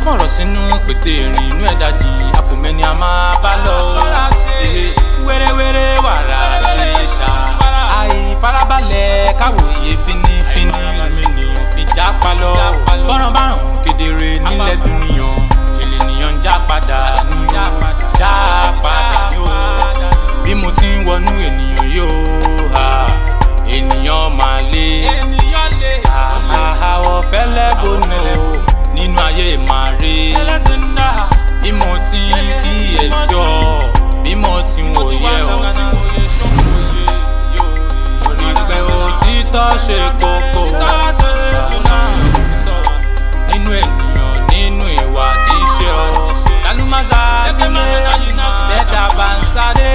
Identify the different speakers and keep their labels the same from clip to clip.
Speaker 1: afọ̀rọ̀ sínú pété rìn inú ẹ̀dá di àkùnmẹ́ni a máa bá lọ. ṣọ́ra ṣe wérewére wàrà ṣe ṣá. àìfarabalẹ̀ káwòye fínífíní lómìnìyàn fi já palọ̀. bọ́ràn bá rùn kedere nílẹ̀ dùnìyàn ṣèlè nìyàn já padà ni o já padà ní o. bí mo ti ń wọnú ènìyàn yóò ha ènìyàn máa lé. ènìyàn lè. àhàwọ̀ fẹ́lẹ́ ayé máa rí bí mo ti ń kíyèsí ọ bí mo ti ń wòye ọ tí mo yẹ ṣọ́kòye yóò rí ṣe kókó nínú ènìyàn nínú ìwà tí í ṣe ọ tanumasa jílé bẹ́ẹ̀ta bá ń sáré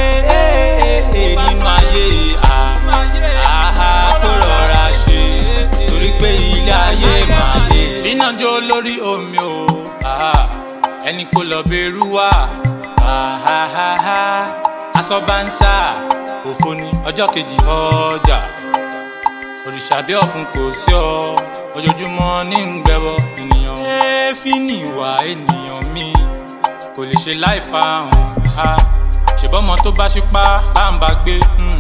Speaker 1: nínú ayé àhà rọra ṣe torí pé ilé ayé máa náà jó lórí omi o ẹni kò lọ bẹ̀rù wá aṣọ bá ń sá òfo ni ọjọ́ kejì ọjà òrìṣà bí ọ̀fun kò sí ọ ojoojúmọ́ ní ń gbẹ́bọ ènìyàn èéfín ní ìwà ènìyàn mi kò lè ṣe láì farahàn á ṣèbọ́mọ tó bá ṣípá láǹbà gbé hmm.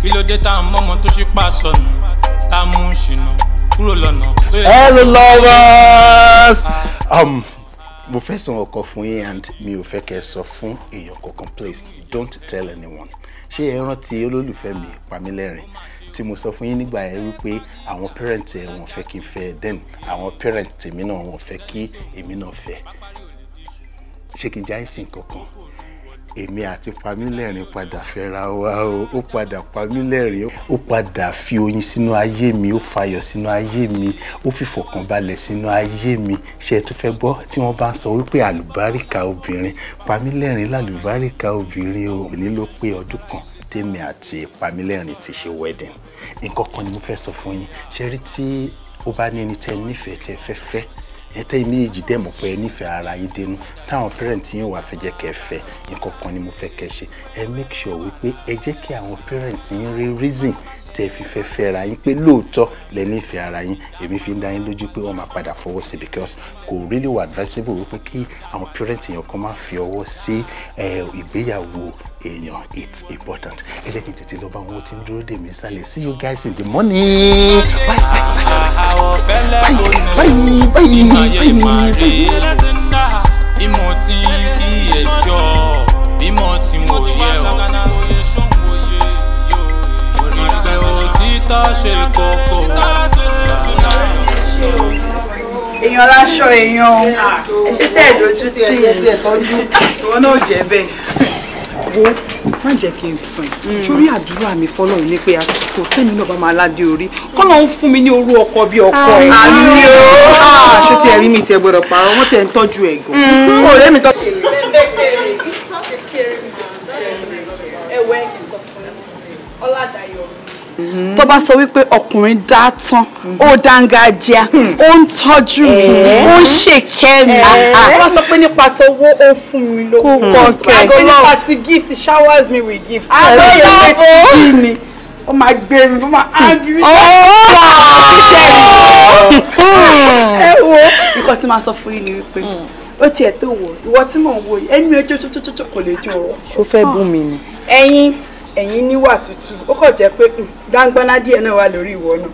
Speaker 1: kí ló dé tá à mọ́mọ tó ṣípá sọnù tá a mú un ṣìnà kúrò lọ́nà.
Speaker 2: hello lovers.
Speaker 3: Um, mo fẹ́ sọ ọkọ fún yín and mi ò fẹ́ kẹ́ ẹ sọ fún èèyàn kankan please don't tell anyone ṣé ẹ rántí olólùfẹ́ mi Pamílẹ́rìn tí mo sọ fún yín nígbà yẹn wípé àwọn parent ẹ wọn fẹ́ kí n fẹ́ then àwọn parent tèmi náà wọn fẹ́ kí èmi náà fẹ́ ṣé kí n jáì sí nǹkan èmi àti pamílẹ̀rín padà fẹ́ra wa o ó padà pamílẹ̀rín ó padà fi oyin sínú ayé mi ó fayọ̀ sínú ayé mi ó fìfọ̀kànbalẹ̀ sínú ayé mi ṣe tó fẹ́ gbọ́ tí wọ́n bá ń sọ wípé àlùbáríkà obìnrin pamílẹ̀rín lálùbáríkà obìnrin o òní ló pé ọdún kan tèmi àti pamílẹ̀rín ti ṣe wedding nǹkan kan ni mo fẹ́ sọ fún yín ṣe rí tí ó bá ní ẹni tẹ́ nífẹ̀ẹ́ tẹ́ fẹ́ fẹ́ ẹtẹ yìí méjì dẹ́ mọ̀ pé ẹ nífẹ̀ẹ́ ara yìí dénú táwọn parent yín wà fẹ́ jẹ́ kẹ́ ẹ fẹ́ nǹkan kan ni mo fẹ́ kẹ́ ṣe ẹ make sure wípé ẹ jẹ́ kí àwọn parent yín rí reason tẹ́ fi fẹ́ fẹ́ra yín pé lóòótọ́ lẹ nífẹ̀ẹ́ ara yín èmi fi ń dá yín lójú pé wọ́n máa padà fọwọ́ sí because kò really wà advisable wípé kí àwọn parents èèyàn kan máa fi ọwọ́ sí ìgbéyàwó èèyàn it's important ẹlẹ́ni tètè lọ́ba wọn ti ń dúró dè mí sálẹ̀ see you guys in the morning bye bye bye bye bye bye bye bye.
Speaker 1: bí mo ti ń kíyèsí ọ bí mo ti ń wòye ọ. star ṣe kókó.
Speaker 4: èèyàn láṣọ èèyàn ẹ ṣe tẹ́ ẹ̀ lójú sí i ìwọ náà jẹ́ bẹ́ẹ̀. wo má jẹ́ kí n sùn ẹ̀ mm. sórí àdúrà mi fọlọ́run ní pé àsìkò tẹ́mi náà bá máa ládé orí kọ́nà ń fún mi ní orú ọkọ bí ọkọ ẹ̀. àmì o ah, ṣé tí ẹ rí mi tí ẹ gbọ́dọ̀ pààrọ̀ wọ́n ti ń tọ́jú ẹ̀ gan. Mm. ọ̀rẹ́ mi tọ́ tó bá sọ wípé ọkùnrin dá tán ó dángájíá ó ń tọ́jú mi ó ń ṣèkẹ́ mi. Ah, ah. wọ́n sọ pé nípa tó wó ó fún mi lówó àgọ́ nípa ti gift showers me with gift. àgọ́ ìyàwó ó máa gbé mi ó máa ágírí. Oh! ẹ hmm. wo nǹkan tí màá sọ fún yín ni wípé hmm. ó tiẹ̀ tó wọ̀ ìwọ tí mò ń wò yìí ẹni ojú ojú ojú kò lè jọ ọ. ṣó fẹ́ bù mí ni. ẹyin ẹ̀yin níwà tútù ó kàn jẹ́ pé hmm, gbangbaná díẹ̀ náà wà lórí ìwọ náà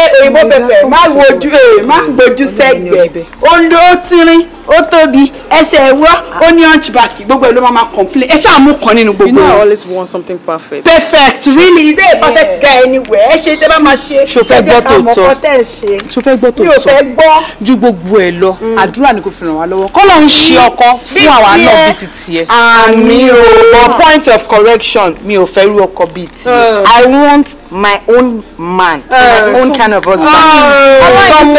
Speaker 4: ẹ òyìnbó pẹpẹ má wojú ẹ eh, má gbójú sẹ́gbẹ̀ẹ́ ó ń lo tírín ó tóbi ẹsẹ̀ ẹ̀wọ́ ó ní hunchback gbogbo ẹ̀ ló máa ma complain ẹ ṣáà mú kan nínú gbogbo. you know I always want something perfect. perfect really is it a perfect guy anywhere ẹ ṣe tẹ́ bá máa ṣe ṣòfẹ́ gbọ́ tó tọ́ ṣòfẹ́ gbọ́ tó tọ́ mi ò fẹ́ gbọ́. ju gbogbo ẹ lọ mm. àdúrà ni kò fi ràn wá lọ́wọ́ kọ́ ló ń ṣe mm. ọkọ fún àwa náà bíi ti tiẹ̀. àmì o but point of correction mi ò fẹ́ rú ọkọ bíi tiẹ̀ mm. I want my own man my own kind of husband. Oh,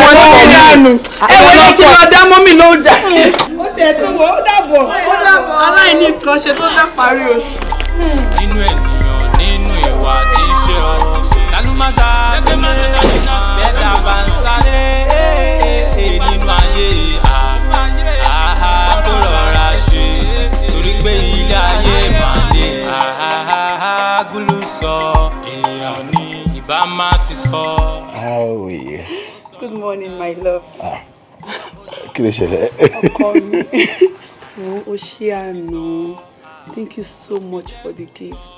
Speaker 2: ẹ wọlé kí n lọ dá mọ́mì lóúnjẹ ó
Speaker 4: tẹ̀ tó wọ ó dàbọ̀ ó dàbọ̀ aláìní nǹkan ṣe tó dá parí oṣù. nínú ènìyàn
Speaker 2: nínú ìwà àti iṣẹ́
Speaker 1: ọ kálùmọ́sá kálùmọ́sá bẹ́ẹ̀dá bá ń sáré nínú ayé àhà kó rọra ṣe torí pé ilé ayé máa lè àhà gúlù sọ èèyàn ní ìbámu ti sọ.
Speaker 4: Good morning, my love. Ah kí ṣẹlẹ̀. ọkọ mi òun ṣe àná thank you so much for the gift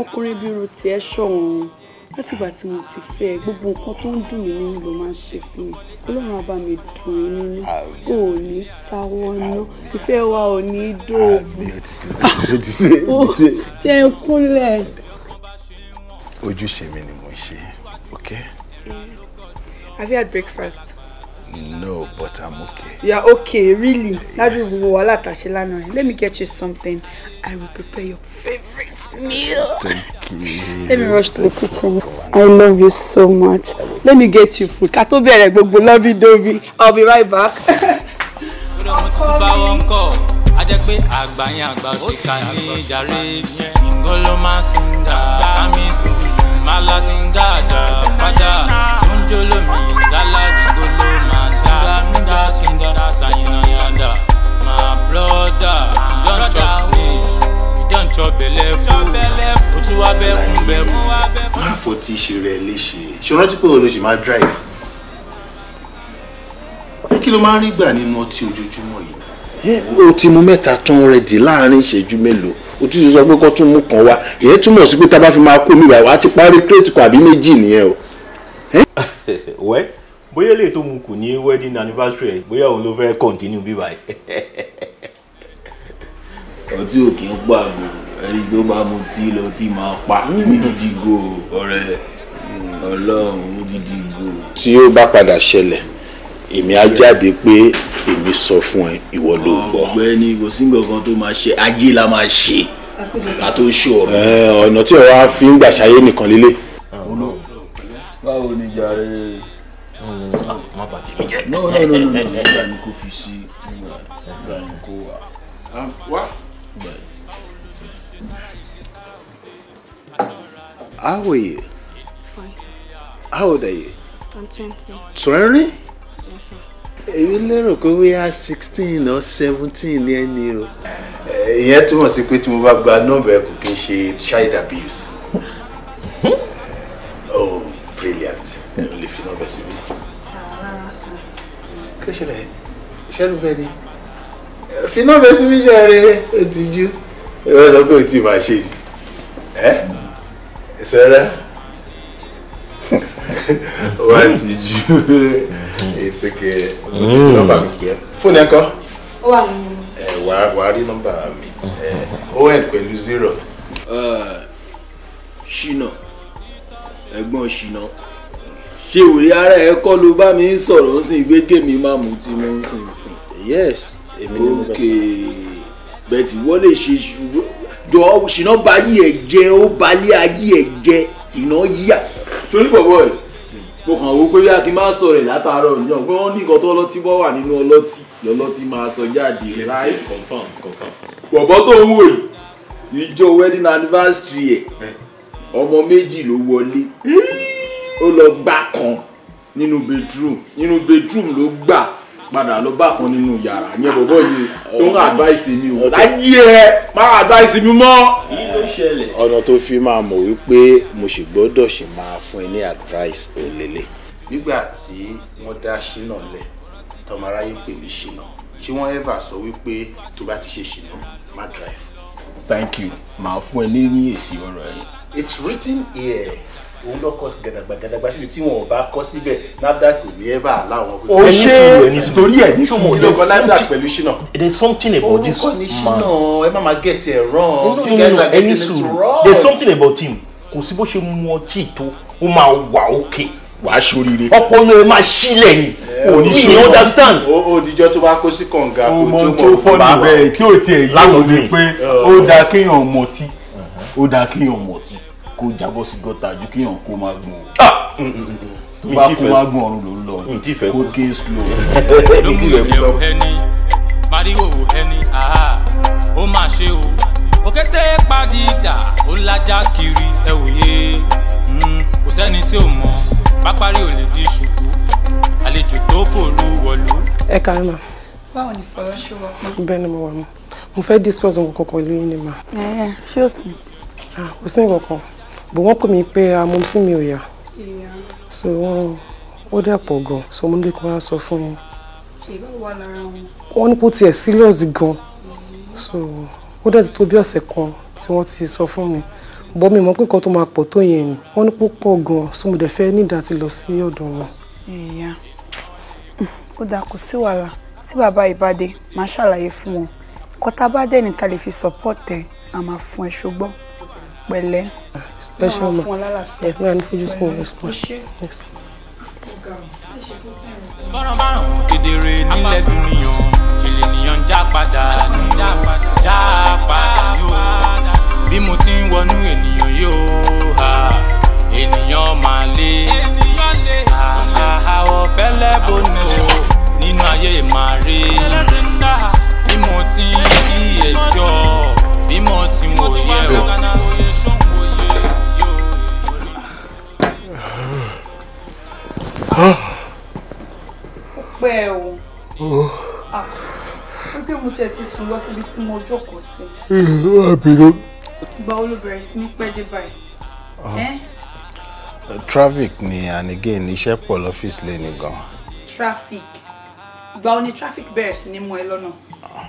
Speaker 4: ọkùnrin bí irú tiẹ̀ ṣọ̀hún láti ìgbà tí mo ti fẹ́ gbogbo nǹkan tó ń dùn mí nínú ló máa ń ṣe fún mi ọlọ́run á bá mi dùn ín nínú ò ní sáwọ́ ná ìfẹ́ wa ò ní dóògùn
Speaker 2: ó
Speaker 4: jẹ́ kúnlẹ̀.
Speaker 3: ojúṣe mi ni mo ṣe ok.
Speaker 4: Mm. have you had breakfast.
Speaker 3: No, but I'm okay.
Speaker 4: You're yeah, okay, really? That is wàhálà tá a Let me get you something. I will prepare your favorite meal. Thank you. Let me rush Thank to the kitchen. I love you so much. Let me get you food. Ká tó bẹ̀rẹ̀ gbogbo lọ́bí dóbi. I'll be right back. a jẹ́
Speaker 1: àgbà òṣìkà ní ìjàre ngolomasinga samisu malasinga àjà pàjá tó ń jólómi dálájì yonder, swing that ass and you know yonder. My brother, you don't chop oh. fish, you don't chop belle food. O tún wá bẹ́ kún bẹ́ mú.
Speaker 3: Má fọ tí ṣe rẹ̀ léṣe, ṣe rántí pé olóṣè máa drive. Ẹ kí ló máa ń rí gbà nínú ọtí ojoojúmọ́ yìí? o ti mu mẹ́ta tán rẹ̀dì láàrin ìṣẹ́jú mélòó o tún sọ pé kó tún mú kan wá èyí túmọ̀ sí pé tá a bá fi máa kó mi wá wá ti parí kírètì kan àbí méjì nìyẹn o. wẹ́ẹ́ bóyá lè tó mu kù ní wedding anniversary ẹ bóyá òun ló fẹ́ continue bí báyìí. ọtí òkè ń pàgò ẹni tó bá mu tí lọ tí máa pa ní dídí go ọ̀rẹ́ Ọlọ́run ní dídí go. tí ó bá padà ṣẹlẹ̀ èmi á jáde pé èmi sọ fún ẹ ìwọ ló gbọ́. ọ̀gbẹ́ni kò sí nǹkan tó máa ṣe ajé la máa ṣe ká tó ṣòro. ọ̀nà tí ọ̀rọ̀ á fi ń gbà ṣayé nìkan lélẹ̀. báwo ni jàre má bà tèmi jẹ́. no no no no How are you? Fine. How old are you? I'm twenty. Twenty? Yes, sir. Èmi lérò pé wíyá sixteen or seventeen ní ẹni o. Ìyẹn túmọ̀ sí pé tí mo But gba nọ́ọ̀bù cooking kò child abuse. Oh, brilliant. Only ò lè fi nọ́ọ̀bù kí ló ṣẹlẹ̀ iṣẹ́ ló fẹ́ ni finá bẹ sí mi jẹ́rẹ̀ òtìjú. ẹ wọ́n sọ pé o ti máa ṣe ẹ ìṣẹ́rẹ́ wà á ti ju ètò kẹ nọ́mbà mi pẹ́ fóònù ẹ kọ́ wà á rí nọ́mbà mi on pẹ̀lú zero. ṣìnà uh, ẹ̀gbọ́n ṣìnà ṣé òye ara ẹ kọ́ ló bá mi ń sọ̀rọ̀ sí ìgbé kémi máa mú tí mo ń sìn sìn. yes èmi ni mo bẹ sọ. bẹ̀tì wọ́n lè ṣe jọ ṣìnà bá yí ẹ̀ jẹ ó bá lé ayé ẹ̀ jẹ ìná yíyà. torí bọ̀bọ̀ ẹ̀ mo kàn wò pé bí a kì í máa sọ̀rọ̀ ẹ̀ látàárọ̀ yàn pé wọ́n ní nǹkan tó ọlọ́tí bọ́ wà nínú ọlọ́tí lọ́lọ́tí máa sọ jáde right. confam confam. bọ̀bọ̀ tó ń wò yìí ìjọ wedding anniversary ẹ̀ eh. ọmọ méjì ló wọlé ó lọ gbá kan nínú bedroom nínú bedroom ló gbà padà lọ bá kan nínú yàrá yẹn bọ̀bọ̀ yìí tó ń advice mi o láyé ẹ má advice mi mọ́. ọ̀nà tó fi máa mọ̀ wípé mo sì gbọ́dọ̀ ṣì máa fún ẹ ní advice òlélẹ̀. nígbà tí wọ́n dá ṣínà lẹ̀ tọmọ aráyé pè mí ṣínà ṣé wọ́n ever sọ wípé tó bá ti ṣe ṣínà má drive. thank you màá fún ẹ ní èsì ọ̀rọ̀ ẹ. it's written here òun lọ kọ gàdàgbàgàdàgbà síbi tí wọn ò bá kọ síbẹ̀ NAFDAC kò ní ẹ̀fà láwọn. o ṣe torí ẹ nísìnyí lọkọ NAFDAC pẹ̀lú ṣìnà. there is something about this man. òun kọ́ ni ṣìnà ẹ má máa get it wrong. you guys are getting it wrong. there is something about him kò sí bó ṣe mu ọtí tó ó máa wà òkè wàá ọpọlọ ẹ máa ṣílẹ̀ ni òní ṣe understand. ó dijọ́ tó bá kó sí kànga kó tó mọ̀ bá bẹ́ẹ̀ tí ò tiẹ̀ yé òde pé ó dáa kéèyàn mọtí ó dáa kéèyàn mọtí kó jábọ́ sí gọ́tà ju kí èèyàn kó máa gùn o ah! tó bá kó máa gùn ọ̀run ló ń lọ kó ké slow.
Speaker 1: ìdókòwò ẹni pariwo ẹni ó máa ṣe o òkété padìdà ó ń lajá kiri ẹ wòye hmm, kò sẹ́ni tí ò mọ̀ pápárí ò lè di ṣùkú àlejò tó fòru
Speaker 4: wọ̀lú. ẹ kárí ma. báwo ni fọlá ṣe wà pé. bẹ́ẹ̀ ni mo wà mọ́ mo fẹ́ discuss nǹkan kan pẹ̀lú yín ni ma. ṣé o sì. Ah, kò sí nǹkan kan. But wọ́n pè mí pé amọ̀ ah, sí mi ò yá so wọ́n ó dẹ̀ pọ̀ gan so mo ní kí wọ́n á sọ fún yín wọ́n ní kó tiẹ̀ serious gan mm-hmm. so ó dẹ̀ ti tó bí ọ̀sẹ̀ kan tí wọ́n ti sọ fún mi bọ́ mi mọ̀ pé nǹkan tó máa pọ̀ tó yẹn ni wọ́n ní pọ̀ pọ̀ gan so mo dẹ̀ fẹ́ nídàá ti lọ sí ọ̀dọ̀ wọn. ìyá ó dáa kò sí wàhálà tí bàbá ìbàdé máa ṣàlàyé fún wọn kọ́tà bá dẹ̀ ní ta lè fi support ẹ̀ a máa fún ẹ ṣùgbọ́n pẹ̀lẹ́ special ma yes ma ní fojú sùn yes ma
Speaker 1: yes. kedere nílẹ̀ dùn yàn.
Speaker 4: tí mo jókòó sí. àbínú. ìgbà wo ló bẹ̀rẹ̀ sí ní pẹ́ dé báyìí. Ah.
Speaker 3: traffic ni and again iṣẹ́ pọ̀ lọ́fíìsì lẹ́nu gan.
Speaker 4: traffic ìgbà wo ni traffic bẹ̀rẹ̀ sí ní mú ẹ lọ́nà. Ah.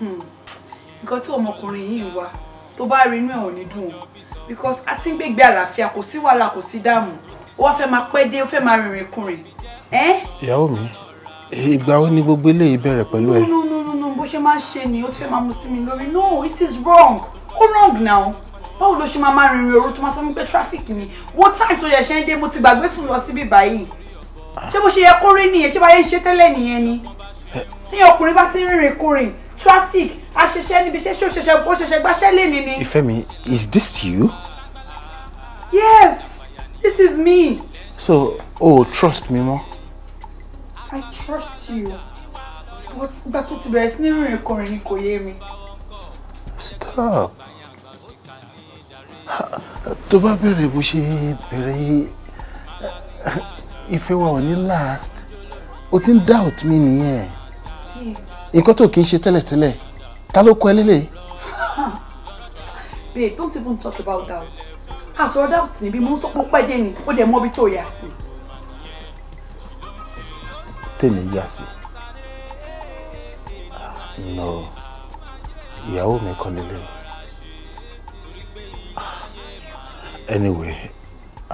Speaker 4: Hmm. nǹkan tí ọmọkùnrin yìí wá tó bá rí inú ẹ̀ ò ní dùn o because a ti ń gbégbé àlàáfíà kò sí wàhálà kò sí dààmú ó wá fẹ́ máa pẹ́ dé ó fẹ́ máa rìnrìn kùnrin.
Speaker 3: ìyàwó mi ìgbà wo ni gbogbo eléyìí bẹ̀rẹ̀ pẹ̀lú ẹ.
Speaker 4: no no no no bó ṣe máa ṣe ni ó ti fẹ́ máa mu sí mi lórí no it is wrong ó wrong now báwo ló ṣe máa máa rìnrìn òru tó máa sọ pé traffic ni wo time tó yẹ ṣe ń dé mo ti gbàgbé sùn lọ síbí báyìí ṣé bó ṣe yẹ kó rí nìyẹn ṣé báyé ṣe tẹ́lẹ̀ nìyẹn ni ní ọkùnrin bá ti ń rìnrìn kùnrin traffic àṣẹṣẹ níbi iṣẹ́ ṣé ó ṣẹṣẹ gbáṣẹ́ lé ni ni.
Speaker 3: Ifemi is this you.
Speaker 4: yes this is me.
Speaker 3: so o oh, trust me more.
Speaker 4: I trust you. But ìgbà tó ti bẹ̀rẹ̀ sí ní rìnrìn kọrin ni kò yé mi.
Speaker 2: Stop.
Speaker 3: Tó bá bẹ̀rẹ̀ bó ṣe bẹ̀rẹ̀ ìfẹ́ wa ò ní last. O ti ń doubt mi nìyẹn. Hmm. Nǹkan tó kì í ṣe tẹ́lẹ̀tẹ́lẹ̀. Ta ló kọ ẹ lélẹ̀?
Speaker 4: Babe, don't even talk about doubt. Àsọ̀rọ̀ doubt níbi mo ń sọ pé ó pẹ́ dé ni, ó dẹ̀ mọ́ bí tó yà sí
Speaker 3: tèmi yà sí no ìyàwó mi kọ́ lélẹ̀ anyway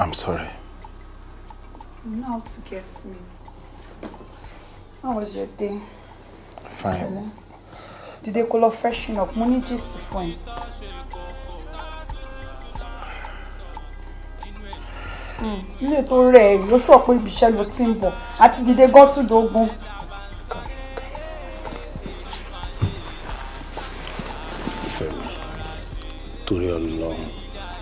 Speaker 3: i'm sorry.
Speaker 4: you to get me how was your day. fine. Did they call lọ freshen up Money just to find. ilé tó rẹ̀ ló sọ pé ibiṣẹ́ ló ti ń bọ̀ àti dìde gọ́tùdógún.
Speaker 3: fẹ́mi torí ọlọ́run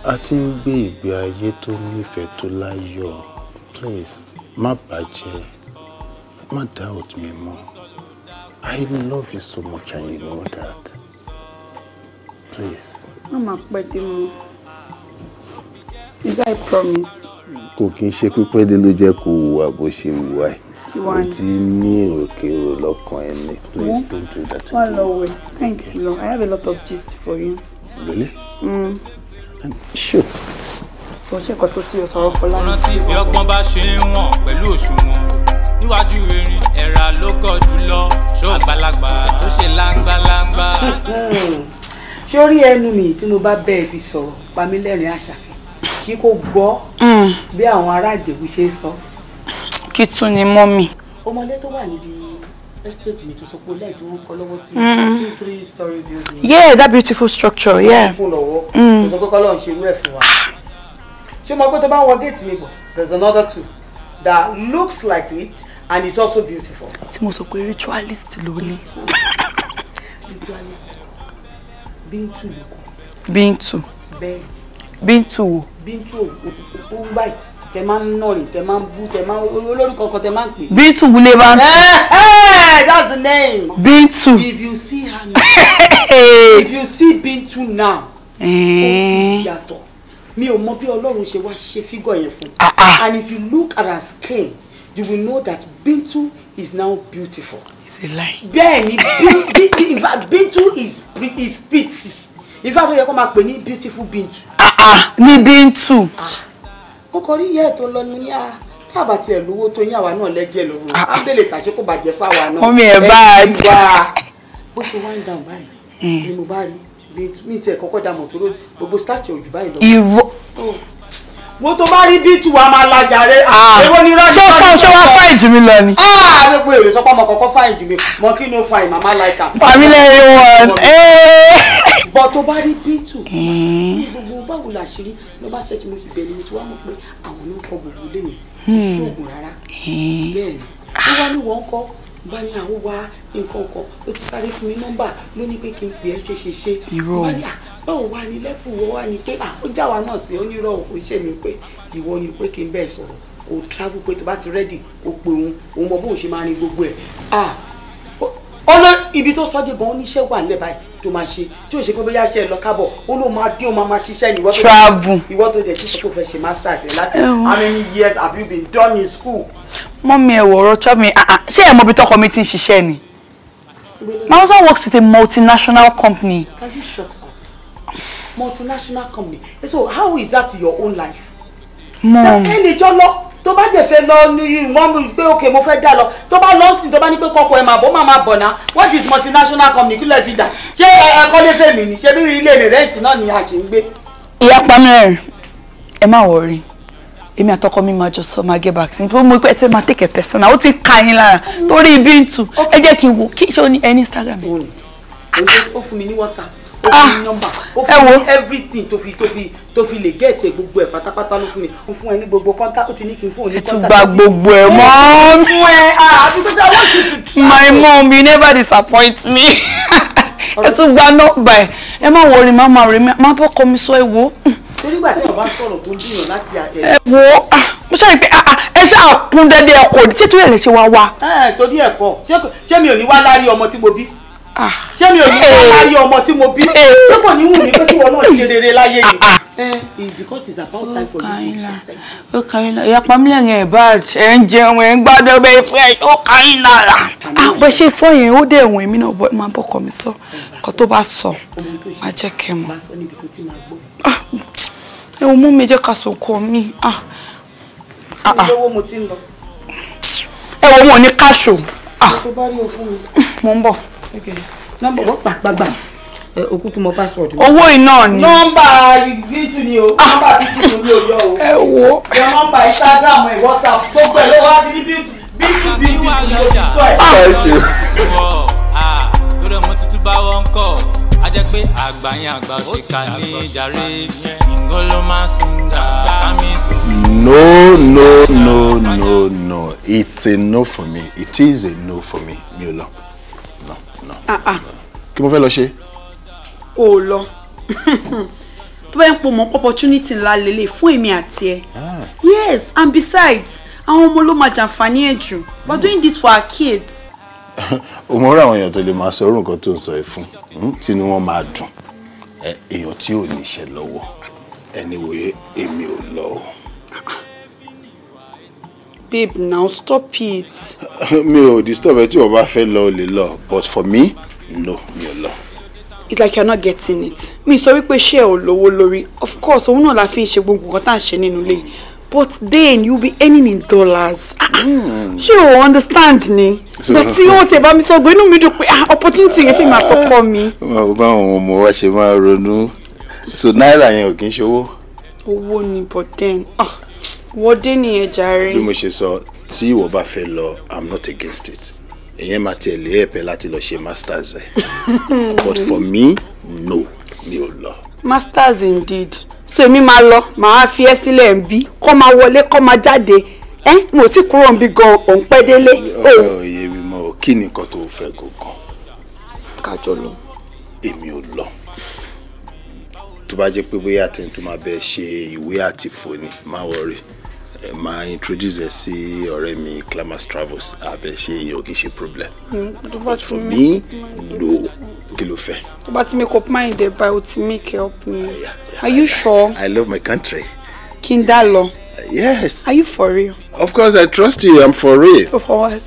Speaker 3: a ti ń gbé ìgbé ayé tó nífẹ̀ẹ́ tó láyọ̀ please má bàjẹ́ má doubt mi mọ́ I love you so much and you know that please.
Speaker 4: má máa pẹ́ dé mọ́ is that a promise
Speaker 3: kò kí n ṣe pípẹ́ dé ló jẹ́ kó wùwà bó ṣe wùwà ẹ̀ o ti ní èròkèrò lọ́kàn ẹ̀ ní please don't do that again. wọ́n lọ
Speaker 4: wẹ̀ thanks lo I have a lot of gist for you. really? Mm. shoot. kò ṣe nǹkan tó sí o sọ̀rọ̀ fọlá. rántí
Speaker 1: bí bá ṣe ń wọ̀n pẹ̀lú òṣùwọ̀n níwájú erin ẹ̀rà ló kọ̀ jùlọ àgbàlagbà tó ṣe láńgbáláńgbá.
Speaker 4: ṣé ó rí ẹnu mi tí mo bá bẹ́ẹ̀ fi sọ̀rọ̀ pa mí lẹ́rìn-ín àṣà àbí kò gbọ́ mm. bí àwọn ará Ìjẹ̀bú ṣe ń sọ. kí tún ni mọ́mì. ọmọlé tó wà níbi estate mi tó sọ pé lẹ́yìn tí wọ́n kọ́ lọ́wọ́ tí mm. two three story building. yeah that beautiful structure yeah. wọ́n lọ́wọ́ mm. kò sọ pé kọ́lọ́ ń ṣe irú ẹ̀ fún wa. ṣé o mọ̀ tó bá ń wọ géètì mi bọ̀ there's another two that looks like it and it's also beautiful. tí mo sọ pé ritualist ló ní. ritualist bíntù ló bíntù. bẹ́ẹ̀. bíntù wo bíntù ó wú báyìí tẹ máa ń nọ̀rì tẹ máa ń bú tẹ máa ń olórúkọ kan tẹ máa ń pè. bíntù wúlé bá ń tù. Eh, eh, that's the name. bíntù. if you see her now eh. if you see bíntù now. ó ti yàtọ̀ mi ò mọ bí ọlọ́run ṣe wá ṣe fígọ̀ yẹn fún. Ah, ah. and if you look at her skin you will know that Bintu is now beautiful. it's a lie. bẹ́ẹ̀ni Bintu in fact Bintu is is pretty ifá ló yẹ kó máa pè ní beautiful bintu. Ah, ah, ní bintu. Ah. mo kàn rí ìyá ẹ̀ tó lọ ní ní tá a bá tiẹ̀ lówó tó yín àwa náà lẹ́jẹ̀ lòun ábẹ́lẹ̀ tàṣé kò bàjẹ́ fáwa náà. omi ẹ̀ bá a dùn. bó ṣe wá ń dàn báyìí eh. ni mo bá rí mi tiẹ̀ kọ́kọ́ dà mọ̀ tó gbogbo starch ẹ̀ ò jù báyìí lọ. ìwọ oh wo tó bá rí bíi tiwa máa lajà rẹ. Ah. èwo ni rájì fáìlì ṣé wàá
Speaker 2: fáìlì jù mí lọ
Speaker 4: ni. Ah, gbogbo èrè sọpọ́ ọmọ kọ̀ọ̀kan fáìlì jù mí mọ kí ni ó fa ìmàmá láìka. pàmílẹ̀ ìwọ̀n bọ́ tó bá rí bíi tù eh. ní gbogbo báwo la ṣe rí ló bá ṣẹ̀ṣẹ̀ mo ti bẹ̀rẹ̀ mo ti wá mọ̀ pé àwọn ló ń kọ gbogbo lẹ́yìn ṣoògùn hmm. rárá eh. bẹ́ẹ̀ ni wọ́n wá ní wọ́n kọ́ bá ní àwọn wá nǹkan kan ló ti sáré fún mi nọ́mbà ló pé kí n pè ẹ́ ṣe ṣe ṣe bá ní báwo wá ní lẹ́fù wọ́n wá ní pé ó já wa náà sí onírọ̀ kò ṣe mí pé ìwọ ni pé kí n bẹ́ẹ̀ sọ̀rọ̀ kò travel pé tó bá ti rẹ́dì kò pé òun òun mọ bóun ṣe máa rin gbogbo ẹ̀ ọlọ ibi tó sọ gan oníṣẹ́ wà nílẹ̀ báyìí tó máa ṣe tí ò ṣe pé bóyá ṣe lọ kábọ̀ ó ló máa dín ó máa máa ṣiṣẹ́ ní ìwọ tó dẹ̀ tí kò fẹ́ ṣe masters ẹ̀ láti how many years have you been done in school. mọ́mí ẹ̀ wọ̀ ọ̀rọ̀ chop mi ah, ah, ṣé ẹ̀ mọ ibi tọkọ mi ti ń ṣiṣẹ́ ni my husband works with a multinational company. can you shut up multinational company so how is that your own life. mom ṣe kí ni jọlọ tó bá jẹ fẹ́ lọ ní wọn pé ok mo fẹ́ dà lọ tó bá lọ sí tó bá ní pé kọkọ ẹ máa bọ máa máa ná what is multinational company kílẹ̀ fi dà ṣé ẹ̀kọ́ lè ni ṣé bíi ilé mi rẹ́ǹtì náà ni a ṣe ń gbé. ìyá pamẹ́rẹ̀ ẹ má wọrí èmi àtọkọ mi máa jọ sọ máa gé back sí mo pé ẹ ti fẹ́ máa take a personal ó ti ka yín lára mm. torí ibi ń tu ẹ jẹ́ kí n wo kí ṣé o ní ẹ ní Instagram. ó fún mi ní WhatsApp Ah, ó fún nọ́mbà ó fún everything tó fi tó fi tó fi lè gẹ̀ẹ́tì gbogbo ẹ̀ pátápátá ló fún mi ó fún ẹ ní gbogbo kọ́ńtà ó ti ní kí n fún òní kọ́ńtà. ẹ tún gba gbogbo ẹ mọ́. fún ẹ àbí ah, pé I want you to try. my mom you never disappoint me. ẹ tún gba nọ́mbà ẹ ẹ má wọrí má má rí má bọ́ kọ́ mi sọ ẹ wò. torígbà tí ọba sọ̀rọ̀ tó dìyàn láti ẹ. Eh, ẹ wo ah, mo ṣe pé ẹ ṣe àkúndẹ́dẹ́ ẹ̀kọ́ ṣé tó yẹ lè ṣe wá wa. Eh, ẹ torí ẹ̀kọ́ ṣé mi ò ní wá lárí ọmọ tí mo bí. Ah. ṣé mi ò ní kọ́ lárí ọmọ tí mo bí eh. ṣé kò ní wù mí pé kí wọn náà ṣe rere láyé yìí. Ah, ah. eh, eh, you to ó kàrí náà ìyapa mi lẹ́yìn ẹ̀ bá ẹ̀ ń jẹun ẹ̀ ń gbádùn ọbẹ̀ fresh ó kàrí náà. àpẹ ṣe sọ yẹn ó dé ẹ̀wọ̀n èmi náà máa bọ́kọ mi sọ ọkọ tó bá sọ máa jẹ́ kẹ́ mọ́. ẹ ò mú mi jẹ́ ká sọ̀kọ mi. ẹ wọ́n ní káṣù. mo ń bọ̀ nọ́mbà wọ́n gbàgbàgbà òkúkú mọ password. owó iná ni. nọ́mbà ìgbìtì ni o ah. nọ́mbà bíìtì ni o yọ o. ẹ wo. yọ nọ́mbà instagram ẹ whatsapp gbogbo ẹ ló wá ti ní bíìtì bíìtì bíìtì ni o ti ah. lórí ọmọ tuntun bá wọn kọ a pé
Speaker 1: àgbà yẹn àgbà òṣìkà ní ìjàre ìgò ló máa sùn dà sami sùn.
Speaker 3: no no no no no it's a no for me it is a no for me mi ò lọ. Ah, ah. kí mo fẹ́ lọ ṣe.
Speaker 4: o lọ tó bá ń pò mọ́ opportunity ńlá lélẹ̀ fún èmi àti ẹ. Ah. yes and besides àwọn ọmọ ló máa jàǹfààní ẹ̀ jù we doing this for our kids.
Speaker 3: o mọ̀ ọ́rọ̀ àwọn èèyàn tó lè máa sọ orú nǹkan tó ń sọ ẹ̀ fún hmm? tínú wọn máa dùn èèyàn tí ò níṣẹ́ lọ́wọ́ ẹni wòye
Speaker 4: èmi ò lọ babe now stop it.
Speaker 3: mi ò disturb ẹ tí wọn bá fẹ́ lọ o lè lọ but for me no mi ò lọ.
Speaker 4: it's like you're not getting it mi sọ wípé ṣé ò lówó lórí of course òun náà la fi ń ṣe gbogbo nǹkan tá à ń ṣe nínú ilé but then you be earning in dollars ah, ah. Hmm. ṣé o understand ni but tí wọn tẹ bá mi sọ gbé inú mi dùn pé ah, opportunity yẹn fi máa tọkọ mi.
Speaker 3: ó bá ọmọ wa ṣe máa ronú so náírà yẹn ò kí ń ṣòwò.
Speaker 4: owó ni but then. Oh wọ́n dé nìyẹn jàre. bí mo
Speaker 3: ṣe sọ tí ìwọ bá fẹ́ lọ i'm not against it èyàn máa tiẹ̀ lé ẹ̀pẹ́ láti lọ ṣe masters ẹ̀
Speaker 4: but for
Speaker 3: me no mi ò lọ.
Speaker 4: masters indeed so èmi máa lọ màá fi ẹ́ sílẹ̀ ń bí kó máa wọlé kó máa jáde ẹ mo ti kúrò ń bí gan òun pẹ́ délé.
Speaker 2: ọ̀rọ̀ oh.
Speaker 3: òye mi mọ kí ni nǹkan tó fẹ́ gangan. kájọ lọ. èmi ò lọ tó bá jẹ́ pé bóyá àtẹnudọ́ máa bẹ ṣe ìwé àti fòní máa wọrí ẹ máa introduce ẹ sí ọ̀rẹ́ mi Clamas Travels abẹ ṣe ìyẹn ò kì í ṣe problem.
Speaker 4: tó bá ti mi
Speaker 3: lò ó kí ló fẹ́.
Speaker 4: tó bá ti make up mind ẹ báyìí o ti make up me are you sure.
Speaker 3: I love my country.
Speaker 4: kí n dá lọ. yes. are you for real.
Speaker 3: of course I trust you I'm for real.
Speaker 4: for what.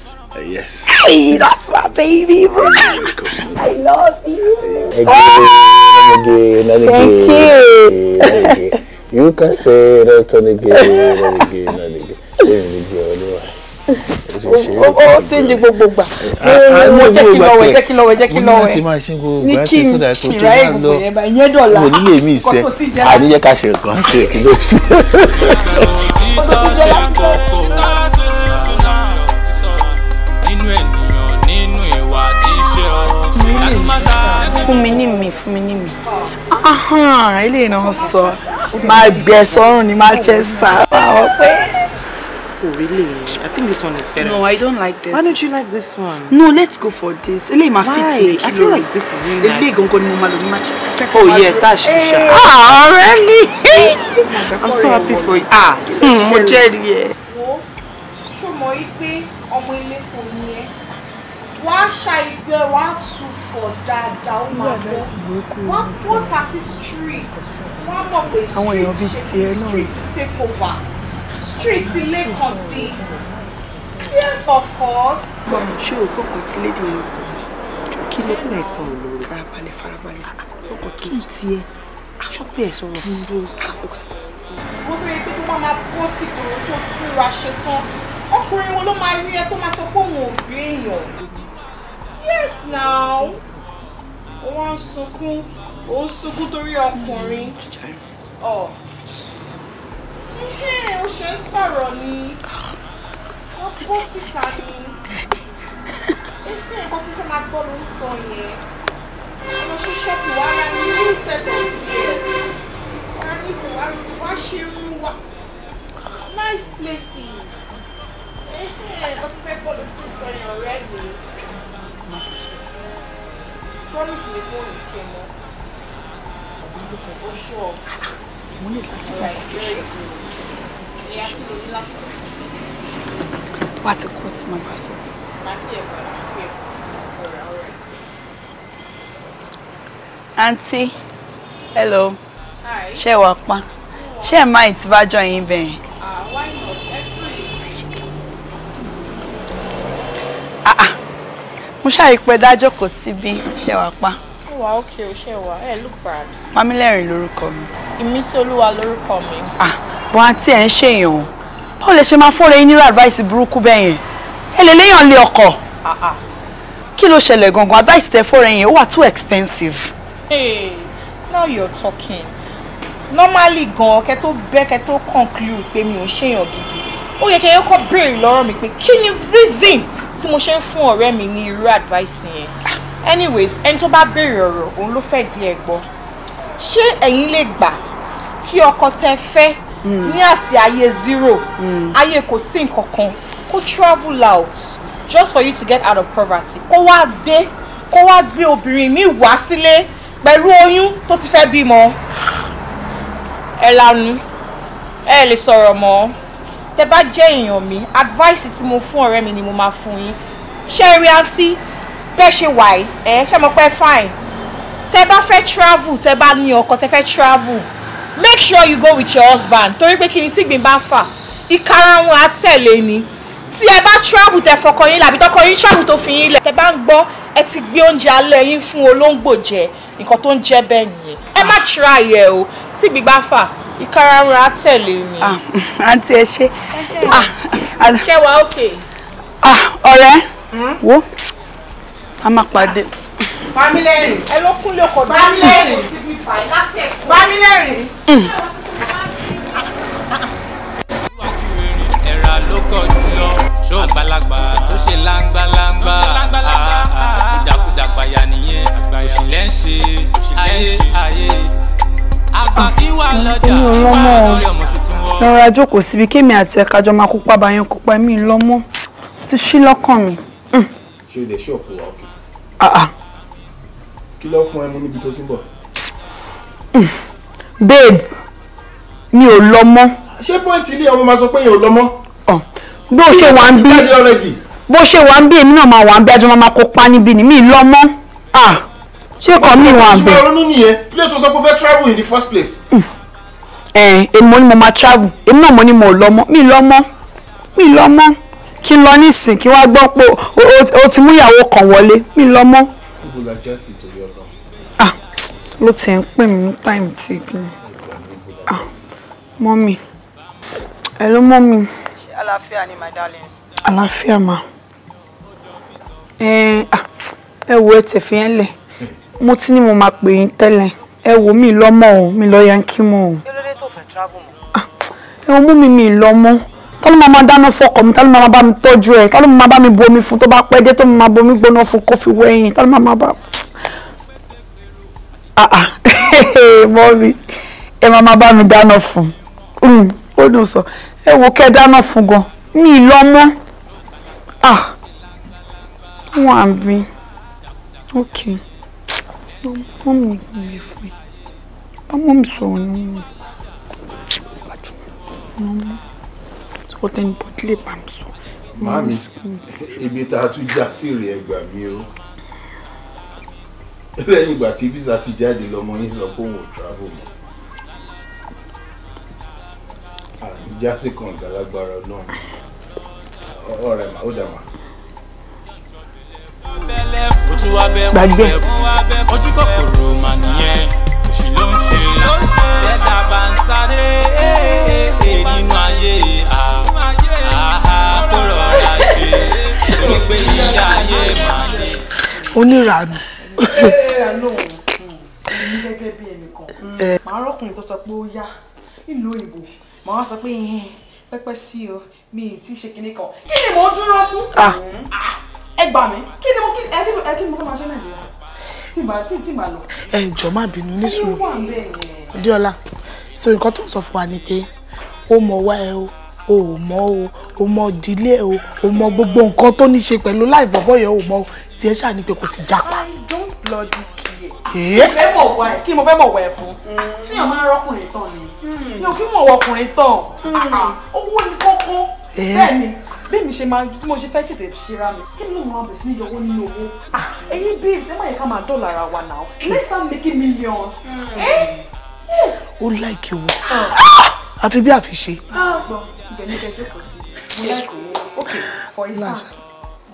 Speaker 2: yes. Hey, that's my baby, I love you.
Speaker 3: Again, again, again. Thank you. Again. You can say it out on again and again and again. Then you go anywhere.
Speaker 2: ó
Speaker 4: ti ń di gbogbo gbà mo jẹ́ kí lọ́wọ́ jẹ́ kí lọ́wọ́ jẹ́ kí lọ́wọ́ ẹ̀ ní kí ìrà ìgbòho yẹn bá yẹn dọ̀la kó tó ti jẹ́ àní yẹ ká
Speaker 3: ṣe nǹkan ṣe kí ló ṣe.
Speaker 4: fún mi ní mi fún mi ní mi eléyìí náà sọ. My best sọ́rùn ní Manchester Oh really? I think this one is better. No, I don't like this. Why don't you like this one? No, let's go for this. Eléyìí ma I feel like this is really nice. Eléyìí gangan ni mo máa Manchester. Oh yes, that's true. Hey. Ah, really? I'm so oh, happy for you. Ah, mo jẹ́rìí ẹ. Wo ṣó mọ̀ wípé ọmọ ilé kò ní ẹ, effort dáadáa ó máa mọ́ wọ́n pọ́ta sí street wọ́n mọ̀ pé street ṣe take over street ilé kan yes of course. ṣé o gbọ́ kan tí lady yẹn sọ kí ló pẹ́ ẹ̀kan ò lò farabalẹ̀ farabalẹ̀ ọkọ̀ kí n tiẹ̀ ṣọ́pẹ́ ẹ̀ sọ̀rọ̀ dúró. mo tó yẹ pé tó máa máa bọ́ sí ìgboro tó túra ṣe tán ọkùnrin wo ló máa rí ẹ tó máa sọ pé òun ò rí èèyàn yes now wọ́n sunkún òun sunkún torí ọkùnrin ọ̀ ó ṣe ń sọ̀rọ̀ ni wọ́n kó síta ni nǹkan fífẹ́ máa gbọ́ ló ń sọ yẹn mo ṣe ṣọ́ọ̀kì wá ra ní ní ìṣẹ̀tọ̀ bs wá ní ìṣẹ̀wá wá ṣe rú wa nice places nǹkan fífẹ́ gbọ́ ló ti sọ yẹn ọ̀rẹ́ mi. Oh, má bá sọ̀rọ̀. promise ni kò ní kí ẹ mọ. ọ̀gbìn ló fẹ́ bó ṣọ́ hello ṣé wàá pa ṣé ẹ máa ìtìbájọ yín mo ṣáà ìpẹ́ dájọ́ kò síbi ṣe wà pa. wà ókè o ṣe wà ẹ look bad. Pamílẹ́rìn lórúkọ mi. Ìmísíolúwa lórúkọ mi. ah bọ́n àti ẹ̀ ń ṣèyàn o báwo lè ṣe máa fọ́ra yín nírú advice burúkú bẹ́ẹ̀ yẹn ẹ lè léèyàn lé ọkọ̀. Ah, ah. kí ló ṣẹlẹ̀ gangan advice tẹ fọ́ra yẹn ó wà too expensive. Hey, now you're talking normally gan kẹ tó bẹ kẹ tó conclude pé mi ò ṣèyàn gidi ó yẹ kẹ yẹ kó béèrè lọ́rọ̀ mi pé kí ni reason tí mo ṣe ń fún ọ̀rẹ́ mi ní irú advice yẹn anyways ẹni tó bá béèrè ọ̀rọ̀ òun ló fẹ́ di ẹ̀ gbọ́ ṣé ẹ̀yin lè gbà kí ọkọ tẹ fẹ́ ní hmm. àti ayé zero hmm. ayé kò sí nǹkan kan kó travel out just for you to get out of poverty kó wá dé kó wá gbé obìnrin mi wá sílé pẹ̀lú oyún tó ti fẹ́ bímọ ẹ lanu ẹ lè sọ̀rọ̀ mọ́ tẹ bá jẹ́ èèyàn mi advice tí mo fún ọ̀rẹ́ mi ni mo máa fún yín ṣé ẹ rí àǹtí bẹ́ẹ̀ ṣe wà ẹ́ ẹ́ mo pẹ́ fine tẹ bá fẹ́ travel tẹ bá ní ọkọ tẹ fẹ́ travel make sure you go with your husband torí pé kí ni tígbìn bá fà ìkarahun àtẹ̀lé ni tí ẹ bá travel tẹ fọkọ yín làbí tọkọ yín travel tó fi yín lẹ̀ tẹ bá ń gbọ́ ẹ ti gbé oúnjẹ alẹ́ yín fún olóńgbò jẹ nǹkan tó ń jẹ́ bẹ́ẹ̀ nìyẹn ẹ má try ẹ o tígbìn bá fà ìkarahun á tẹ̀lé mi. Ah, àǹtí ẹ ṣe. ṣé ah, wàá òkè. Ah, ọ̀rẹ́ hmm? wo a máa pàdé. bámilẹ́rìn ẹ ló kún lè kọ́ bámilẹ́rìn síbi fàyè látẹ̀kọ́. bámilẹ́rìn. Hmm.
Speaker 1: ẹ̀rà ló kọ̀ jùlọ àgbàlagbà tó ṣe láńgbàláńgbà ìdàkudà gbàyà nìyẹn òṣìlẹ̀ ń ṣe ayé ayé èmi ò lọ́mọ
Speaker 4: o lọ́ra jókòó síbi kémi àti ẹ̀ka jọ máa kópa báyẹn kópa èmi ń ti ṣí lọ́kàn mi. Mm.
Speaker 3: ṣe ilé ṣọ́ọ̀pù wa òkè. kí ló fún ẹ mú níbi tó ti ń bọ̀.
Speaker 4: Mm. babe mi ò lọ́mọ. ṣé pọ́ǹtì ilé ọmọ máa sọ pé yẹn ò lọ́mọ. bó ṣe wà ń bí bó ṣe wà ń bí èmi náà máa wà ń bí ajọ́ máa kópa níbi ni mi lọ́mọ. ah ṣé kò mí wọn àbẹ. ṣùgbọ́n ronú nìyẹn plẹ̀ tó sọ pé fẹ́ travel in the first place. Mm. ẹ ẹ mo mo máa travel èmi náà mo ní mo lọ mọ mi lọ mọ mi lọ mọ kí n lọ nísìn kí wọ́n gbọ́ pé o ti mú ìyàwó kan wọlé mi lọ mọ. ah ló ti ń pè mí ní táìmù tí kì í. ah mọ́mì ẹ ló mọ́mì. ṣé àlàáfíà ni my darling. àlàáfíà ma. ẹ ah, ẹ wo ẹ tẹ̀fẹ́ yẹn lẹ̀ mo ti ní mo máa pè yín tẹ́lẹ̀ ẹ wò mí lọ́mọ o mi lọ yankí mọ́ o.
Speaker 2: kí ló dé tó fẹ́ travel
Speaker 4: mọ́. Ah, ẹ wọ́n mú mi mi lọ́mọ tá ló máa máa dáná fọkọ mi tá ló máa máa bá mi tọ́jú ẹ tá ló máa bá mi bomi fún tó bá pẹ́ dé tó máa bomi gbóná fún kó fi wẹ́yìn tá ló máa máa bá. mọ́mí ah, ah, ẹ máa máa bá mi dáná fún mm, ó dùn sọ ẹ wò kẹ́ ẹ dáná fún gan mi lọ́mọ ah wọ́n à bí okay ọmọ mi ò lè fún só tem mi sọ̀rọ̀ ní ìwájú ọmọ sọ tẹni bọ́dí lè bá mi sọ.
Speaker 3: Mami, ibi tá a tún já sí rèé ẹgbà mi o. Lẹ́yìn ìgbà tí visa ti jáde lọ́mọ yín sọ pé òun travel mọ́. Àmì já sí kànga lágbára náà. Ọ̀rẹ́ màá ó dà màá
Speaker 1: gbàgbé ojú kòkòrò mà nìyẹn òṣì ló ń ṣe ẹ̀dá bá ń sáré nínú ayé àhà tó rọra ṣe
Speaker 4: gbogbo iṣẹ́ ayé mà ní. onírànú. gẹ́gẹ́ bí ẹnìkan màá rọ́kùnrin tó sọ pé ó yá nílùú òyìnbó màá wá sọ pé pẹ́pẹ́ sí o mi ì tí ṣe kinní kan kí ni mò dúró mú. Ah. Hmm. Ah gbà mí kí ni mo kí ẹ kí ẹ kí ni mo fẹ́ máa ṣe nàìjíríà tí mà lọ. ẹ jọ má bínú ní sùúrù diola so nǹkan tó ń sọ fún wa ni pé ó mọ wá ẹ o ò mọ o o mọ ìdílé o o mọ gbogbo nǹkan tó ní ṣe pẹ̀lú láì bọ̀bọ̀ yẹn o mọ o tí ẹ ṣáà ní pé kò ti jápa. I don't bloody care. mo ah,
Speaker 2: fẹ́
Speaker 4: eh? kí mo fẹ́ mọ̀ wá ẹ̀ fún. Mm. ṣéèyàn máa ń rọ́kùnrin tán ni. Hmm. mi ò kí mọ̀ wọ́kùnrin tán. Hmm. Ah, ah, owó ni kókó. Eh? bẹ́ẹ̀ bẹ́ẹ̀ mi ṣe máa tí mo ṣe fẹ́ tètè ṣera mi kí ni mo máa bẹ̀ sí ní yọwọ́ nínú owó ah, ẹ̀yin babes ẹ má yẹ ká máa dọ́là ara wa now hmm. let's start making millions. Hmm. Eh? yes. ó láìkí owó ah. Ah! àfi bí àfi ṣe. bẹ́ẹ̀ ni kẹjọ kò sí mo
Speaker 2: láìkí owó ok
Speaker 4: for instance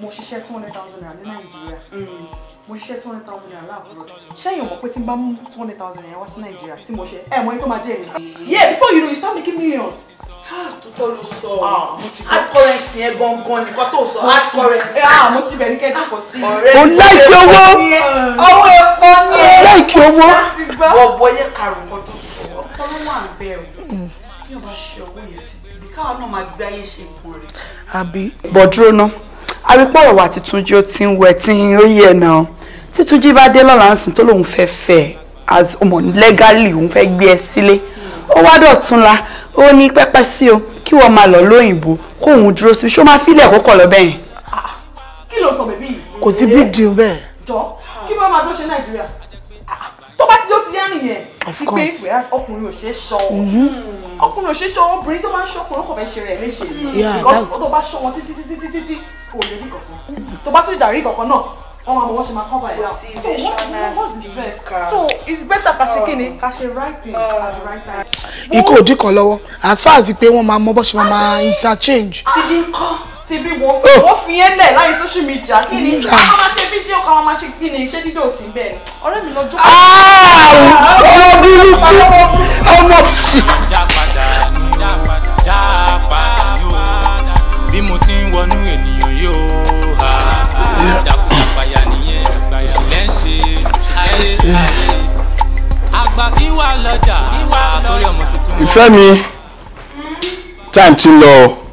Speaker 4: mo ṣiṣẹ́ two hundred thousand naira ní nàìjíríà mm. mo ṣiṣẹ́ two hundred thousand naira láàbúrò ṣẹ́yìn ò mọ̀ pé tí n bá mú two hundred thousand naira wá sí nàìjíríà tí mo ṣe ẹ̀ mọ̀ yín máa jẹ́ èrè. yeah before you know you start making millions. Ah, tó tọ́ ló sọ ah, hard currency yẹn gangan nìkan tó sọ hard currency. mo ti bẹ̀ ní kẹ́kẹ́ kò sí. o láìkí owó
Speaker 2: owó epo ni ẹ láìkí owó. bọ̀bọ̀ yẹ karùn-ún kan tó sọ ọ̀pọ̀ ló wà ń bẹ̀rù bí
Speaker 4: wọ́n bá ṣe owó yẹn sí ti bí káwọn náà máa gbé ayé ṣe kúrò rẹ̀. àbí bọ̀dúró náà arípọ̀ ọ̀rọ̀ wa Títúnjí ó ti ń wẹ̀ tí ó yẹ náà Títúnjí bá dé lọ́la ń sìn tó lòun fẹ́ fẹ́ as ọmọ legally òun fẹ́ gbé ẹ sílé ó wá dọ̀túnla ó ní pẹ́pẹ́ sí o kí wọ́n máa lọ lóyìnbó kóun dúró sí ṣó máa fílẹ̀ kókọ̀ lọ bẹ́yìn. kí ló sọ bèbí yìí. kò sí big deal bẹ́ẹ̀. jọ kí wọ́n máa dúró ṣe Nàìjíríà ah, tó bá ti yóò ti yẹn nìyẹn of pé whereas ọkùnrin ò ṣe sọ mm-hmm. ọkùnrin ò ṣe sọ obìnrin tó máa ń ṣọkùnrin ó kàn ṣe rẹ̀ léṣe because tó bá ṣọ wọn títí títí títí tí kò lè rí kankan tó bá tún ìdàrí kankan náà wọn máa mọ wọn ṣe máa cover it up so what what's the stress so it's better ka ṣe kíni oh. ka ṣe right thing at the oh. right time. ikú òdì kan lọ́wọ́ as far as pé wọ́n máa mọ bó ṣe máa interchange. ti bí ń kọ́ ti bí wo ó oh. fi yẹn lẹ̀ láyé social media kí ni káwọn máa ṣe fídíò káwọn máa ṣe kí ni ṣé dídò sí bẹ́ẹ̀ ni ọ̀rẹ́ mi lọ́jọ́.
Speaker 2: Ah! ọmọ ọmọ sí.
Speaker 1: bí mo ti ń wọnú ènìyàn yóò ha dàpọ̀ àgbàyà nìyẹn àgbàyà lẹ́ńṣe ayé ayé àgbà kí wà lọ́jà àkórí ọmọ tuntun. ìfẹ́
Speaker 3: mi time ti lọ.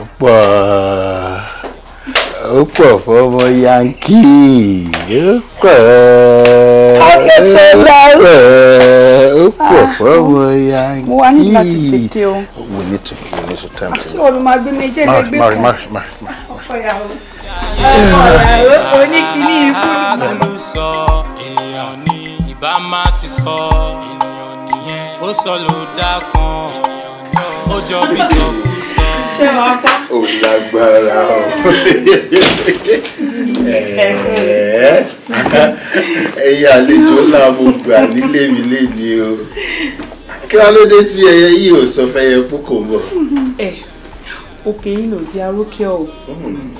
Speaker 3: ó pọ̀ ó pọ̀ fọmọ yankí ó pọ̀ ó pọ̀ fọmọ yankí. Ah, mo wá ní
Speaker 4: láti
Speaker 2: tètè o.
Speaker 3: we need to we need to time to. àti
Speaker 2: olùmọ̀ agbẹ́ méjì lè gbé kọ́. mari mari mari. ọkọ ìyàwó ọkọ oníkìní ikú.
Speaker 1: àlùsọ èèyàn ní ìbá ti sọ ènìyàn nìyẹn ó sọ ló dá kan ó
Speaker 2: jọ bí sọ ṣe máa pa.
Speaker 3: ó lágbára o ẹ̀yin àlejò ńlá mo gbà nílé mi léni o kí wàá ló dé tí ẹyẹ yìí ò sọ fẹyẹ
Speaker 4: púpọ̀ bọ̀. òkè yìí ló di arókè o hmm.